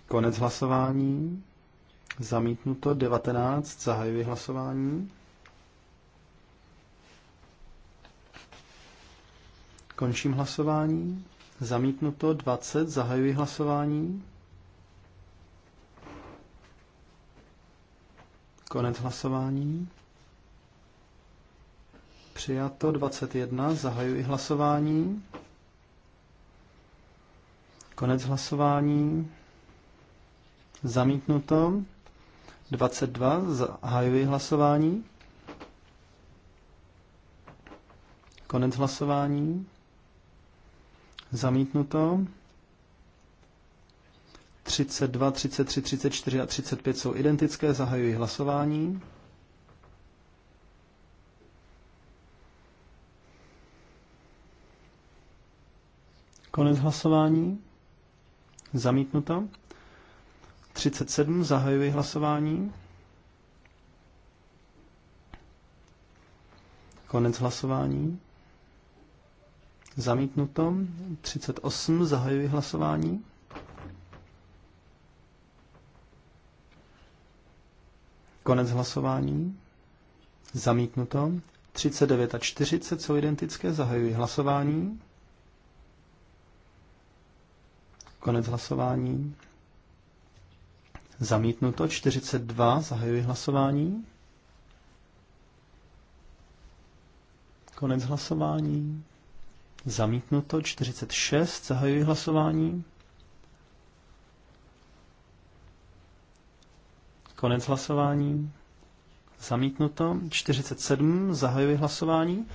Konec hlasování. Zamítnuto 19. Zahajuji hlasování. Končím hlasování. Zamítnuto 20. Zahajuji hlasování. Konec hlasování. Přijato 21. Zahajuji hlasování. Konec hlasování. Zamítnuto. 22. Zahajuji hlasování. Konec hlasování. Zamítnuto. 32, 33, 34 a 35 jsou identické. Zahajuji hlasování. Konec hlasování. Zamítnuto. 37 zahajuji hlasování. Konec hlasování. Zamítnuto. 38 zahajuji hlasování. Konec hlasování. Zamítnuto. 39 a 40 jsou identické. Zahajuji hlasování. Konec hlasování. Zamítnuto 42, zahajuji hlasování. Konec hlasování. Zamítnuto 46, zahajuji hlasování. Konec hlasování. Zamítnuto 47, zahajuji hlasování.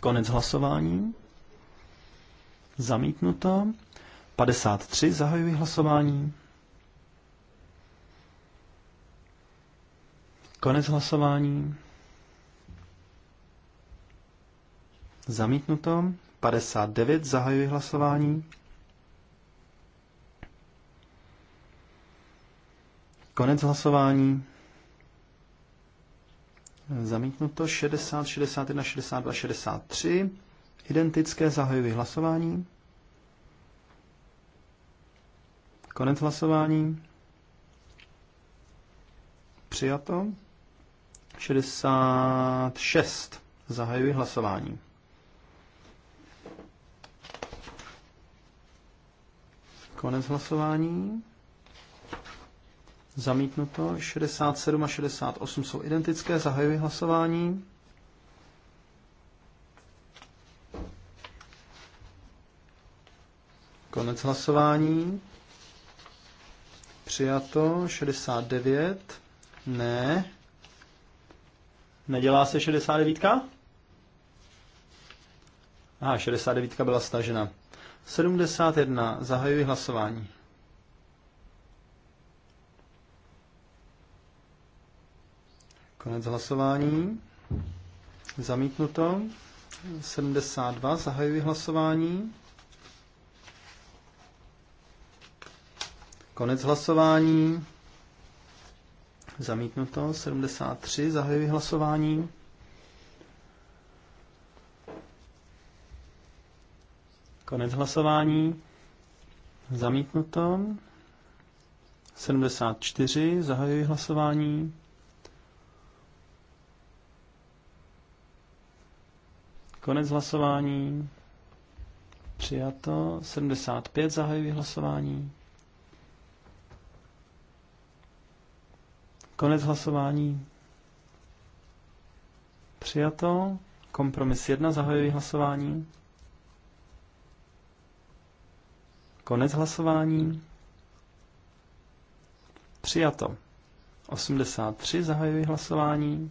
Konec hlasování. Zamítnuto 53 zahajuji hlasování. Konec hlasování. Zamítnuto. 59 zahajuji hlasování. Konec hlasování. Zamítnuto 60, 61, 62, 63. Identické zahajuji hlasování. Konec hlasování. Přijato. 66. Zahajuji hlasování. Konec hlasování. Zamítnuto. 67 a 68 jsou identické. Zahajuji hlasování. Konec hlasování. Přijato 69. Ne. Nedělá se 69? Aha, 69 byla stažena. 71. Zahajuji hlasování. Konec hlasování. Zamítnuto. 72. Zahajuji hlasování. Konec hlasování. Zamítnuto. 73. Zahajuji hlasování. Konec hlasování. Zamítnuto. 74. Zahajuji hlasování. Konec hlasování. Přijato. 75. Zahajuji hlasování. Konec hlasování. Přijato. Kompromis 1. Zahajuji hlasování. Konec hlasování. Přijato. 83. Zahajuji hlasování.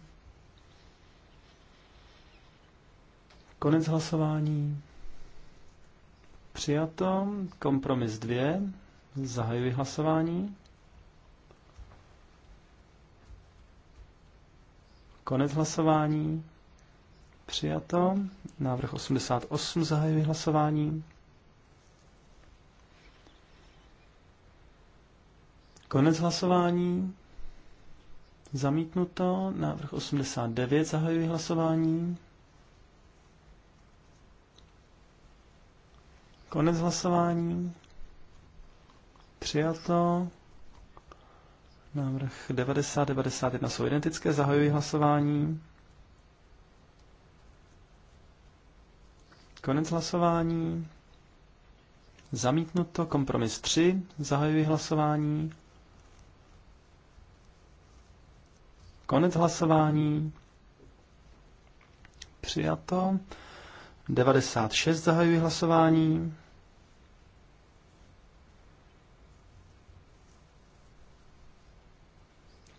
Konec hlasování. Přijato. Kompromis 2. Zahajuji hlasování. Konec hlasování. Přijato. Návrh 88 zahajuje hlasování. Konec hlasování. Zamítnuto. Návrh 89 zahajuje hlasování. Konec hlasování. Přijato. Návrh 90, 91 jsou identické, zahajuji hlasování. Konec hlasování. Zamítnuto, kompromis 3, zahajuji hlasování. Konec hlasování. Přijato. 96 zahajuji hlasování.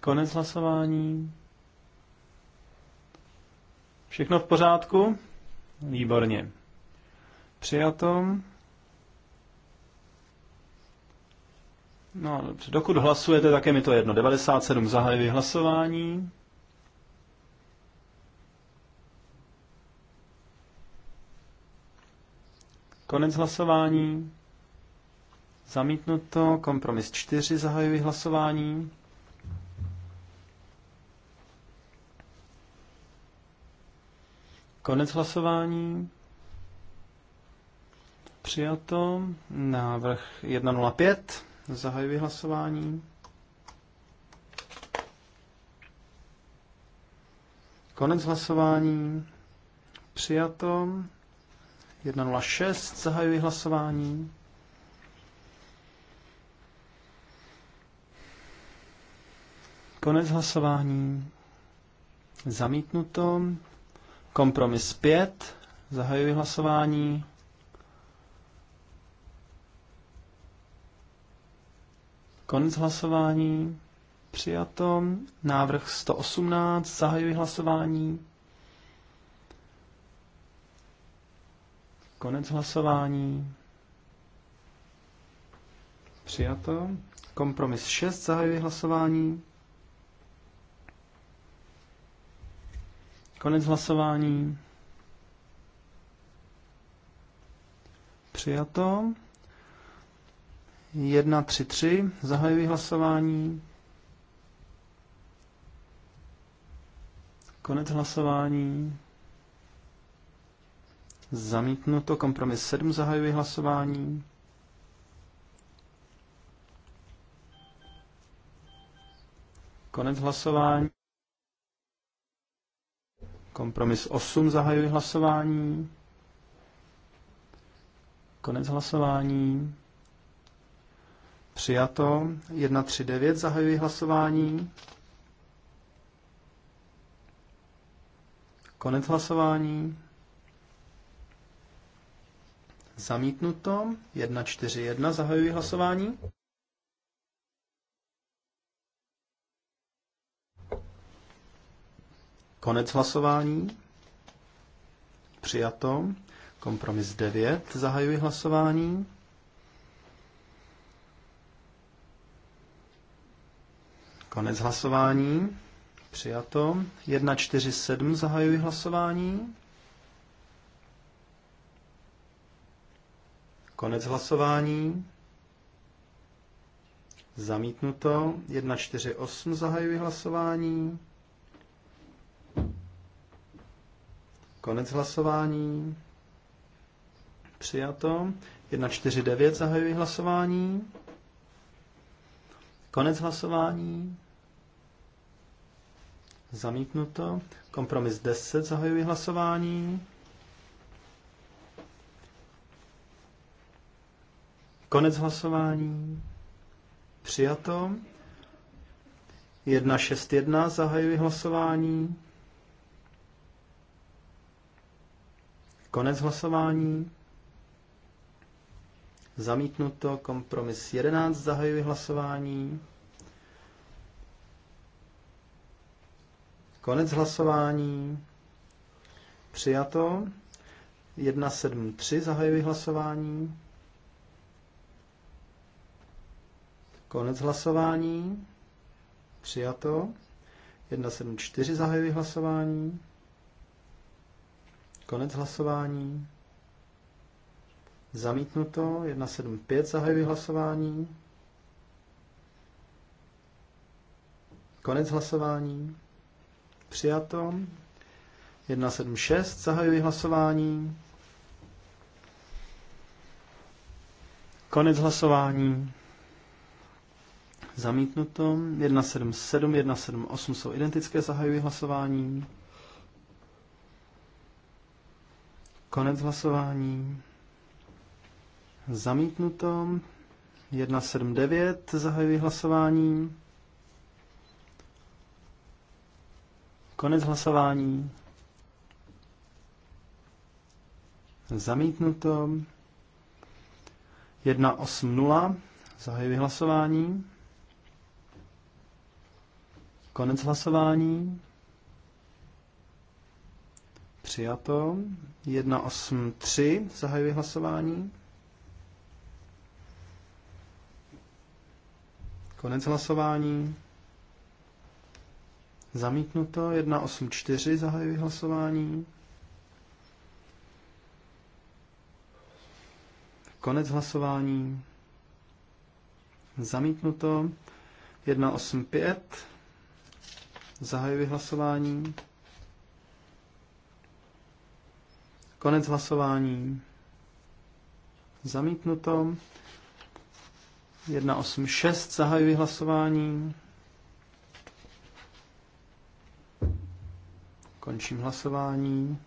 Konec hlasování. Všechno v pořádku? Výborně. Přijato. No, dobře. Dokud hlasujete, tak je mi to jedno. 97 zahajuji hlasování. Konec hlasování. Zamítnuto. Kompromis 4 zahajuji hlasování. Konec hlasování. Přijato. Návrh 105. Zahajuji hlasování. Konec hlasování. Přijato. 1.06. Zahajuji hlasování. Konec hlasování. Zamítnuto. Kompromis 5. Zahajuji hlasování. Konec hlasování. Přijato. Návrh 118. Zahajuji hlasování. Konec hlasování. Přijato. Kompromis 6. Zahajuji hlasování. Konec hlasování. Přijato. 1, 3, 3. Zahajuji hlasování. Konec hlasování. Zamítnuto. Kompromis 7. Zahajuji hlasování. Konec hlasování. Kompromis 8 zahajuji hlasování. Konec hlasování. Přijato. 139 zahajuji hlasování. Konec hlasování. Zamítnuto. 141 zahajuji hlasování. Konec hlasování. Přijato. Kompromis 9. Zahajuji hlasování. Konec hlasování. Přijato. 1, 4, 7. zahajuji hlasování. Konec hlasování. Zamítnuto. 1, 4, 8. zahajuji hlasování. Konec hlasování. Přijato. 149 zahajuji hlasování. Konec hlasování. Zamítnuto. Kompromis 10 zahajuji hlasování. Konec hlasování. Přijato. 161 zahajuji hlasování. Konec hlasování. Zamítnuto kompromis 11, zahajuji hlasování. Konec hlasování. Přijato. 173 zahajuji hlasování. Konec hlasování. Přijato. 174 zahajuji hlasování. Konec hlasování. Zamítnuto. 175. Zahajuji hlasování. Konec hlasování. Přijato. 176. Zahajuji hlasování. Konec hlasování. Zamítnuto. 177, 178 jsou identické. Zahajuji hlasování. Konec hlasování. Zamítnuto. 179 zahajuji hlasování. Konec hlasování. Zamítnuto. 1.8.0. Zahajuji hlasování. Konec hlasování. Přijato. 183. Zahajuji hlasování. Konec hlasování. Zamítnuto. 184. Zahajuji hlasování. Konec hlasování. Zamítnuto. 185. Zahajuji hlasování. Konec hlasování. Zamítnuto. 186 zahajuji hlasování. Končím hlasování.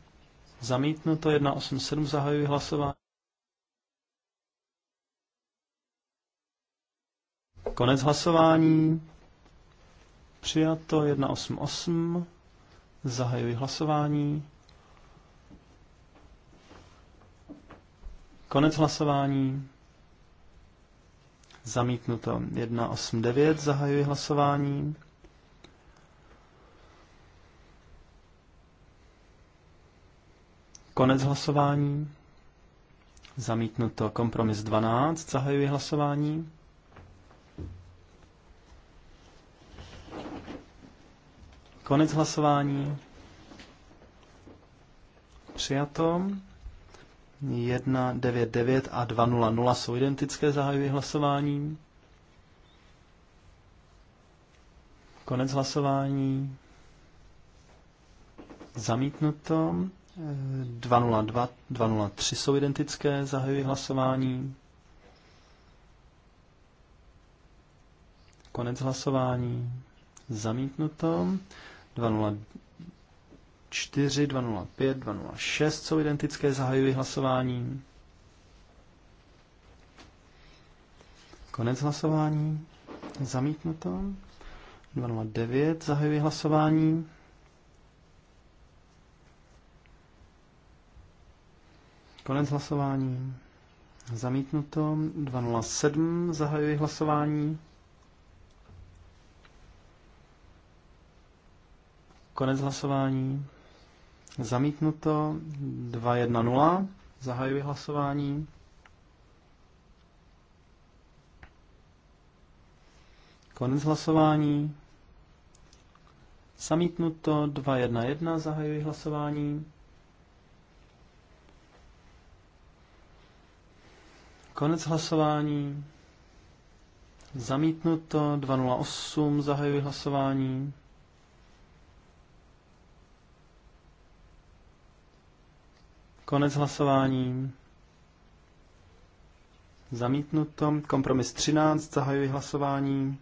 Zamítnuto 187 zahajuji hlasování. Konec hlasování. Přijato 188. Zahajuji hlasování. Konec hlasování. Zamítnuto. 189. Zahajuji hlasování. Konec hlasování. Zamítnuto. Kompromis 12. Zahajuji hlasování. Konec hlasování. Přijato. 199 a 200 jsou identické, zahajuji hlasování. Konec hlasování. Zamítnuto. 202, 203 jsou identické, zahajuji hlasování. Konec hlasování. Zamítnuto. 20, 4, 205, 206 jsou identické, zahajuji hlasování. Konec hlasování. Zamítnuto. 209, zahajuji hlasování. Konec hlasování. Zamítnuto. 207, zahajuji hlasování. Konec hlasování. Zamítnuto 2.1.0. Zahajuji hlasování. Konec hlasování. Zamítnuto 2.1.1. Zahajuji hlasování. Konec hlasování. Zamítnuto 208, zahajuji hlasování. Konec hlasování. Zamítnuto. Kompromis 13. Zahajuji hlasování.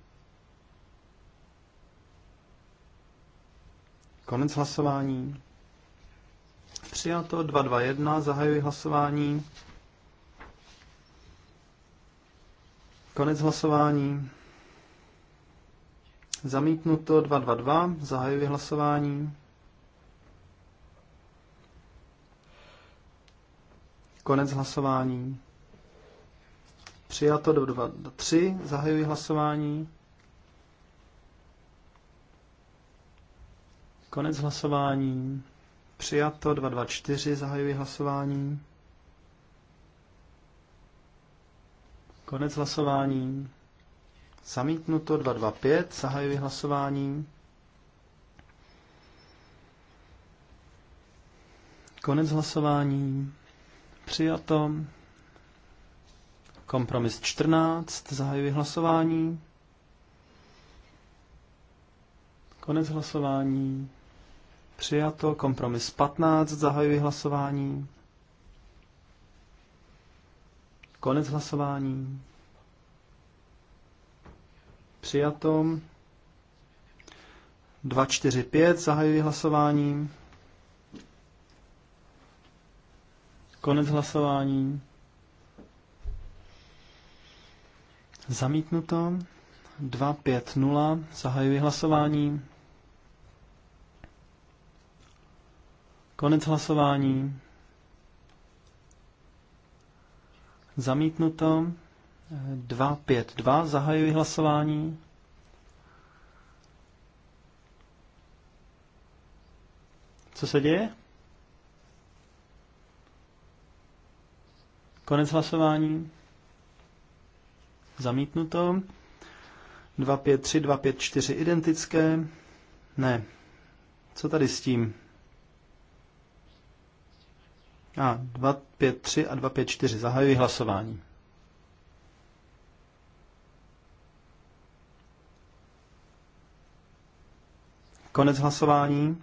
Konec hlasování. Přijato 221. Zahajuji hlasování. Konec hlasování. Zamítnuto 222. Zahajuji hlasování. Konec hlasování. Přijato do 2, 3. Zahajuji hlasování. Konec hlasování. Přijato 224. Zahajuji hlasování. Konec hlasování. Zamítnuto 225. Zahajuji hlasování. Konec hlasování. Přijato. Kompromis 14. Zahajuji hlasování. Konec hlasování. Přijato. Kompromis 15. Zahajuji hlasování. Konec hlasování. Přijato. 2, 4, 5, Zahajuji hlasování. Konec hlasování. Zamítnuto. 2-5-0. Zahajuji hlasování. Konec hlasování. Zamítnuto. 2-5-2. Zahajuji hlasování. Co se děje? Konec hlasování. Zamítnuto. 5, 4 identické. Ne. Co tady s tím? A 3 a 4. Zahajuji hlasování. Konec hlasování.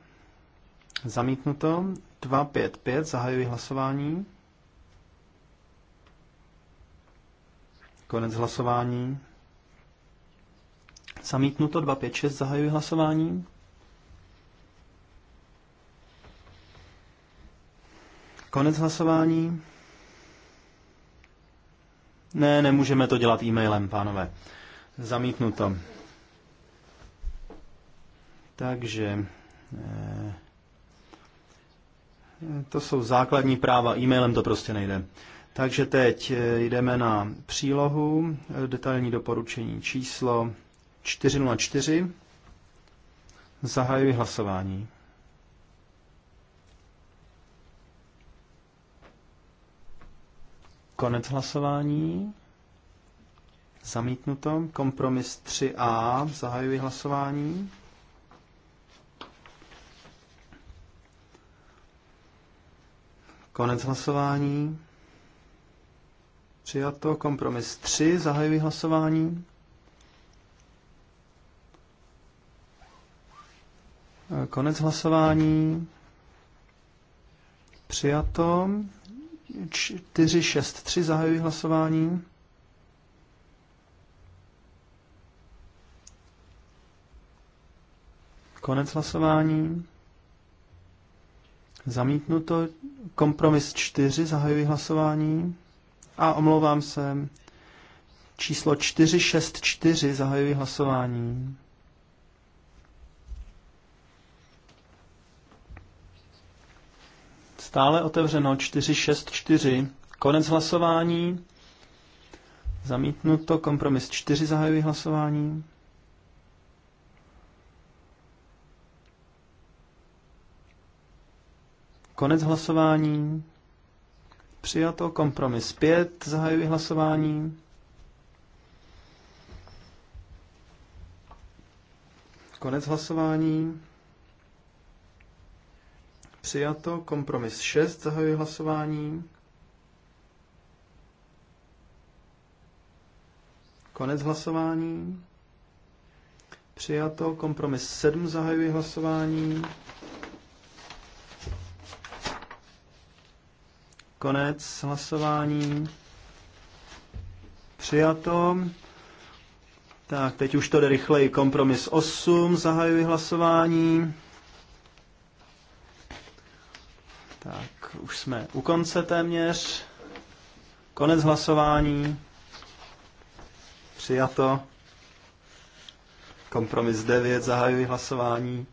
Zamítnuto. 5. Zahajuji hlasování. Konec hlasování. Zamítnuto 256, zahajuji hlasování. Konec hlasování. Ne, nemůžeme to dělat e-mailem, pánové. Zamítnuto. Takže eh, to jsou základní práva, e-mailem to prostě nejde. Takže teď eh, jdeme na přílohu, eh, detailní doporučení číslo 404. Zahajuji hlasování. Konec hlasování. Zamítnuto. Kompromis 3a. Zahajuji hlasování. Konec hlasování. Přijato. Kompromis 3. Zahajuji hlasování. Konec hlasování. Přijato. 4, 6, 3 zahajuji hlasování. Konec hlasování. Zamítnuto. Kompromis 4 zahajuji hlasování. A omlouvám se, číslo 464 zahajuji hlasování. Stále otevřeno 464. Konec hlasování. Zamítnuto. Kompromis 4 zahajuji hlasování. Konec hlasování. Přijato kompromis 5, zahajuji hlasování. Konec hlasování. Přijato kompromis 6, zahajuji hlasování. Konec hlasování. Přijato kompromis 7, zahajuji hlasování. Konec hlasování. Přijato. Tak, teď už to jde rychleji. Kompromis 8, zahajuji hlasování. Tak, už jsme u konce téměř. Konec hlasování. Přijato. Kompromis 9, zahajuji hlasování.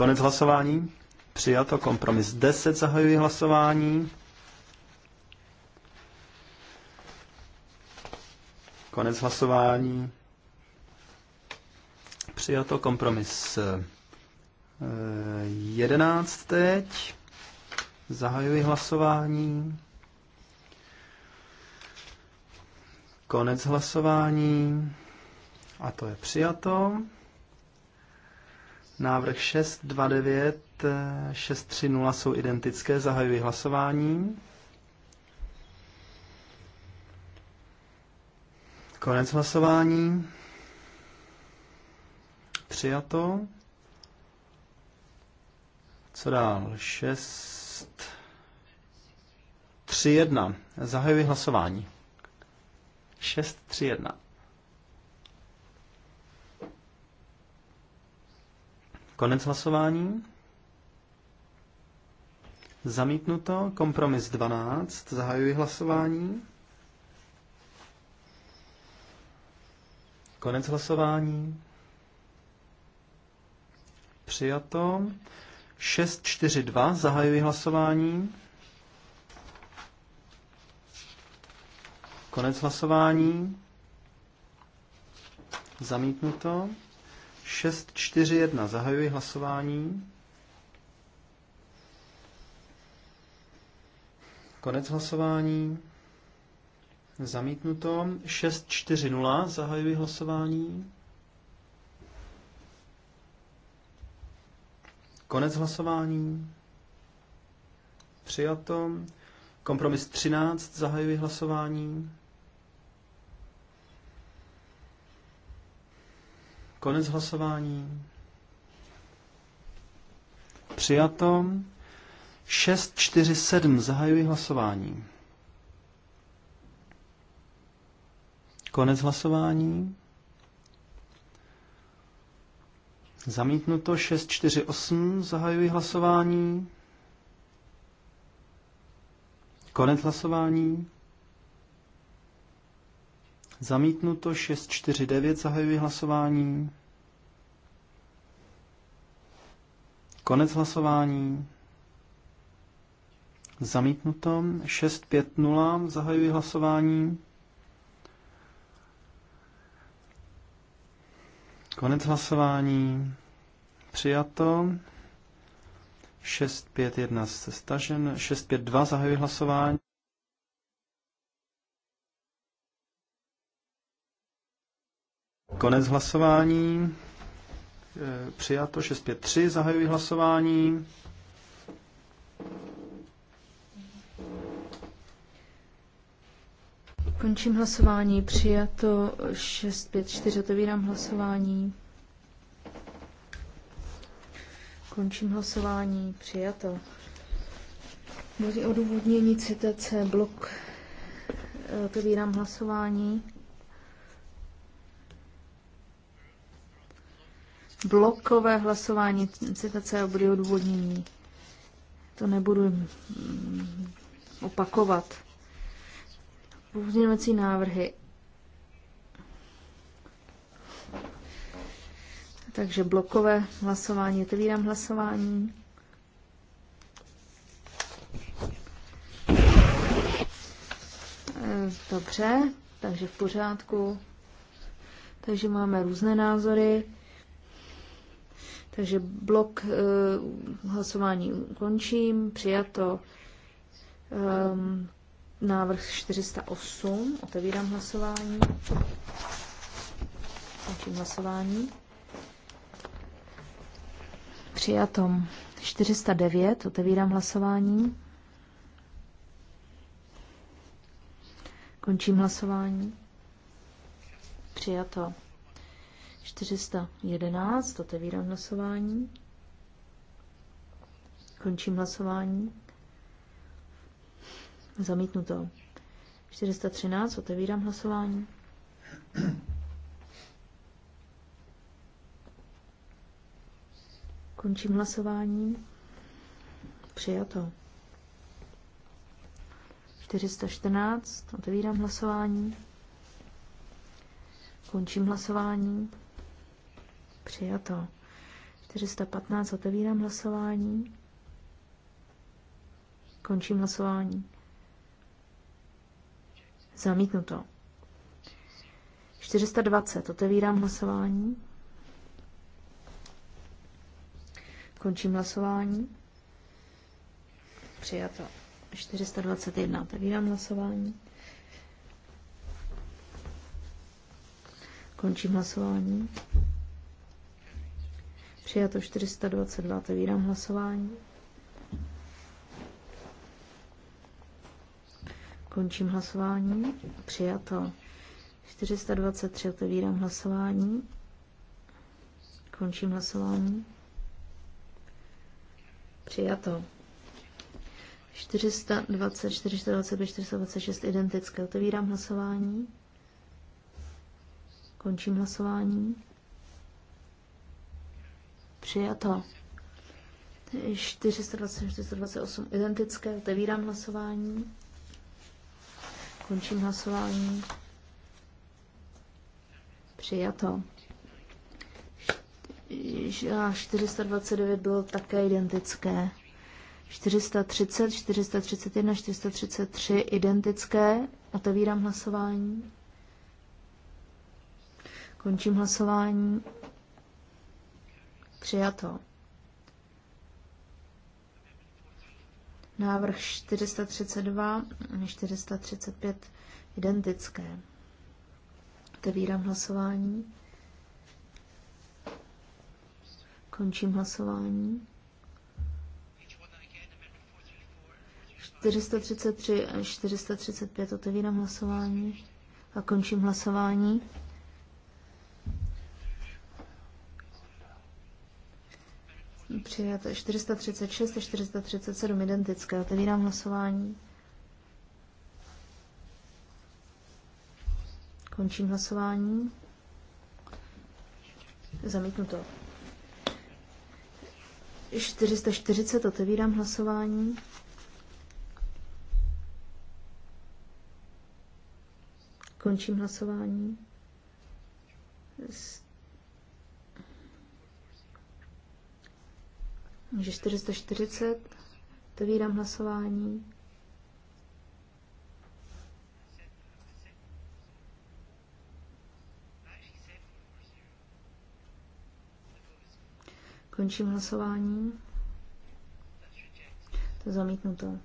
Konec hlasování. Přijato kompromis 10. Zahajuji hlasování. Konec hlasování. Přijato kompromis 11 eh, teď. Zahajuji hlasování. Konec hlasování. A to je přijato. Návrh 6, 6, 2, 9, 3, 0 jsou identické, zahajuji hlasování. Konec hlasování. Přijato. Co dál? 6. 3, 1. Zahajuji hlasování. 6, 3, 1. Konec hlasování. Zamítnuto. Kompromis 12. Zahajuji hlasování. Konec hlasování. Přijato. 642. Zahajuji hlasování. Konec hlasování. Zamítnuto. 641. Zahajuji hlasování. Konec hlasování. Zamítnuto. 640. Zahajuji hlasování. Konec hlasování. Přijato. Kompromis 13. Zahajuji hlasování. Konec hlasování. Přijato. 647. Zahajuji hlasování. Konec hlasování. Zamítnuto 648. Zahajuji hlasování. Konec hlasování. Zamítnuto 649 zahajuji hlasování. Konec hlasování. Zamítnuto 650 zahajuji hlasování. Konec hlasování. Přijato. 651 se stažen. 652 zahajuji hlasování. Konec hlasování. Přijato 653, zahajuji hlasování. Končím hlasování. Přijato 654. Otevírám hlasování. Končím hlasování. Přijato. Může odůvodnění citace blok. Otevírám hlasování. blokové hlasování, citace a body odvodnění. To nebudu mm, opakovat. Pozměňovací návrhy. Takže blokové hlasování, otevírám hlasování. E, dobře, takže v pořádku. Takže máme různé názory. Takže blok eh, hlasování končím, přijato um, návrh 408, otevírám hlasování, končím hlasování. Přijato 409, otevírám hlasování. Končím hlasování. Přijato. 411, otevírám hlasování. Končím hlasování. Zamítnuto. 413, otevírám hlasování. Končím hlasování. Přijato. 414, otevírám hlasování. Končím hlasování. Přijato. 415. Otevírám hlasování. Končím hlasování. Zamítnuto. 420. Otevírám hlasování. Končím hlasování. Přijato. 421. Otevírám hlasování. Končím hlasování. Přijato 422. Otevírám hlasování. Končím hlasování. Přijato. 423. Otevírám hlasování. Končím hlasování. Přijato. 420, 425, 426 identické. Otevírám hlasování. Končím hlasování. Přijato. 420, 428 identické. Otevírám hlasování. Končím hlasování. Přijato. 429 bylo také identické. 430, 431, 433 identické. Otevírám hlasování. Končím hlasování. Přijato. Návrh 432 a 435 identické. Otevírám hlasování. Končím hlasování. 433 a 435 otevírám hlasování a končím hlasování. Přijat 436 a 437 identické. Otevírám hlasování. Končím hlasování. Zamítnuto. 440 otevírám hlasování. Končím hlasování. Takže 440, vydám hlasování. Končím hlasování. To je zamítnuto.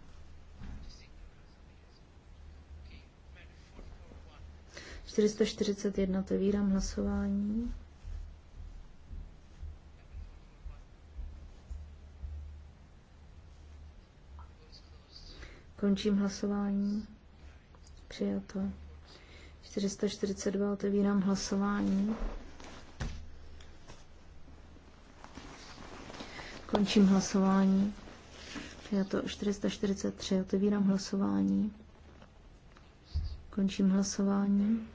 Čtyřista čtyřicet jedna vírám hlasování. Končím hlasování. Přijato. 442 otevírám hlasování. Končím hlasování. Přijato 443 otevírám hlasování. Končím hlasování.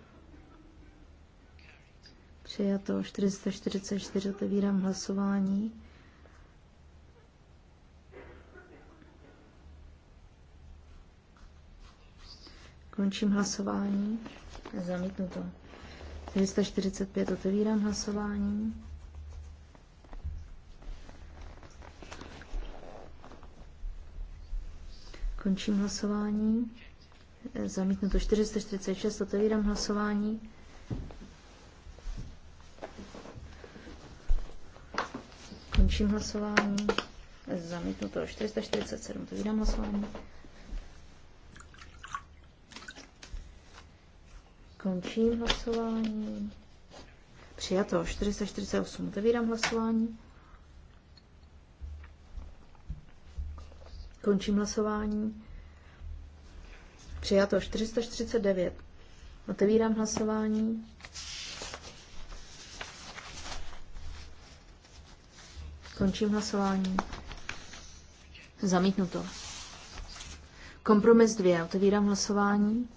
Přijato 444 otevírám hlasování. Končím hlasování. Zamítnu to. 445 otevírám hlasování. Končím hlasování. Zamítnu to. 446, otevírám hlasování. Končím hlasování. Zamítnu to. 447, otevírám hlasování. Končím hlasování. Přijato 448. Otevírám hlasování. Končím hlasování. Přijato 449. Otevírám hlasování. Končím hlasování. Zamítnuto. Kompromis 2. Otevírám hlasování.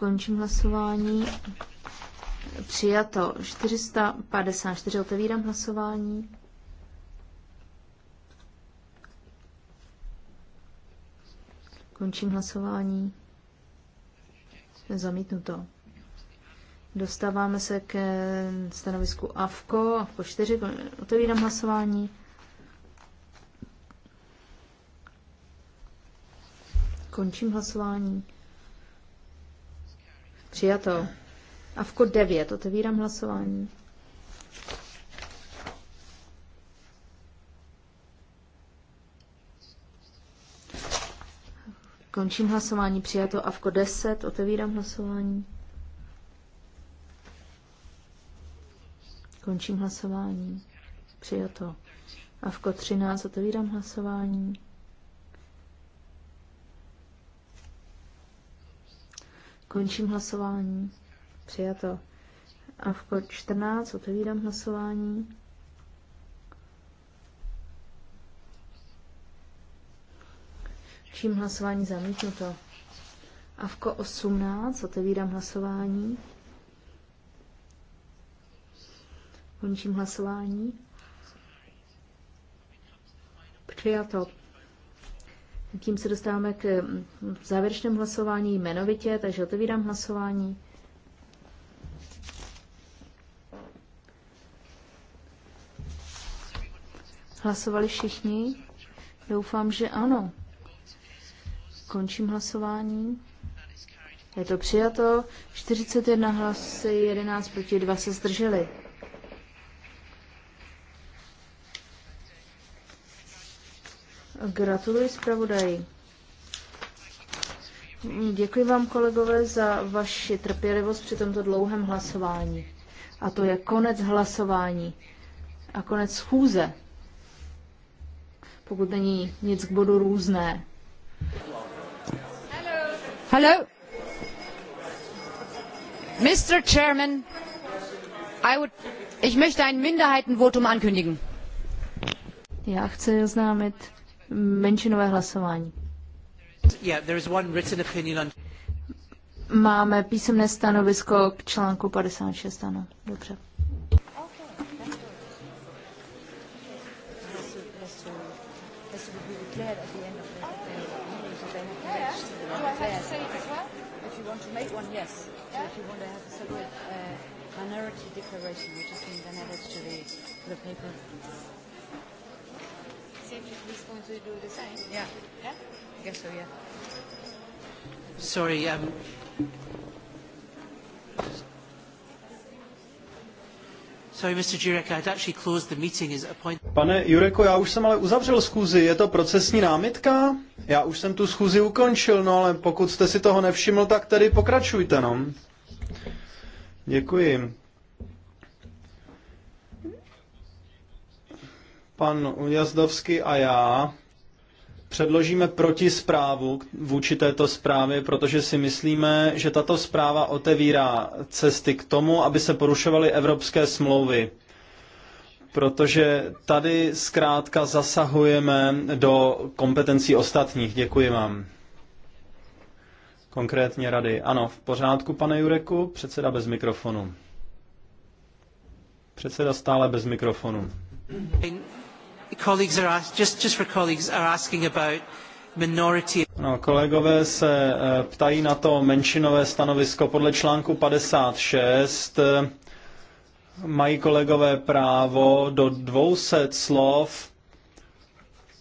Končím hlasování. Přijato 454. Otevírám hlasování. Končím hlasování. Zamítnuto. Dostáváme se ke stanovisku AVKO. AVKO 4, otevírám hlasování. Končím hlasování. Přijato. A v kod 9 otevírám hlasování. Končím hlasování přijato a v kod 10 otevírám hlasování. Končím hlasování. Přijato. A v kod 13 otevírám hlasování. Končím hlasování. Přijato. A v 14 otevírám hlasování. Čím hlasování zamítnuto. A v 18 otevírám hlasování. Končím hlasování. Přijato. Tím se dostáváme k mm, závěrečnému hlasování jmenovitě, takže otevírám hlasování. Hlasovali všichni? Doufám, že ano. Končím hlasování. Je to přijato. 41 hlasy, 11 proti 2 se zdrželi. Gratuluji zpravodaji. Děkuji vám, kolegové, za vaši trpělivost při tomto dlouhém hlasování. A to je konec hlasování a konec schůze, pokud není nic k bodu různé. Hello. Hello. Mr. Chairman, I would, ich möchte ein Minderheitenvotum ankündigen. Já chci oznámit menšinové hlasování. Máme písemné stanovisko k článku 56, ano, dobře. Uh, minority declaration, which is to the, the paper. Yeah. I guess so, yeah. Sorry, um, Sorry, Mr. Jurek, I'd actually closed the meeting. Is a point? Pane Jureko, já už jsem ale uzavřel schůzi. Je to procesní námitka? Já už jsem tu schůzi ukončil, no ale pokud jste si toho nevšiml, tak tedy pokračujte, no. Děkuji. pan Ujazdovský a já předložíme protisprávu vůči této zprávě, protože si myslíme, že tato zpráva otevírá cesty k tomu, aby se porušovaly evropské smlouvy. Protože tady zkrátka zasahujeme do kompetencí ostatních. Děkuji vám. Konkrétně rady. Ano, v pořádku, pane Jureku, předseda bez mikrofonu. Předseda stále bez mikrofonu colleagues are ask, just, just for colleagues are asking about No, kolegové se eh, ptají na to menšinové stanovisko podle článku 56. Mají kolegové právo do 200 slov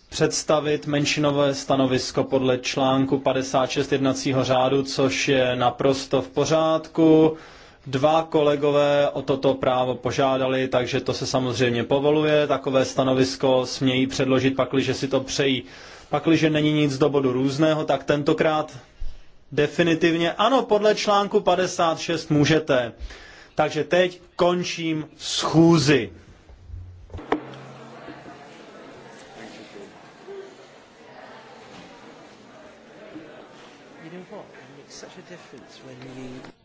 představit menšinové stanovisko podle článku 56 jednacího řádu, což je naprosto v pořádku. Dva kolegové o toto právo požádali, takže to se samozřejmě povoluje. Takové stanovisko smějí předložit, pakliže si to přejí. Pakliže není nic do bodu různého, tak tentokrát definitivně ano, podle článku 56 můžete. Takže teď končím schůzi. such a difference when you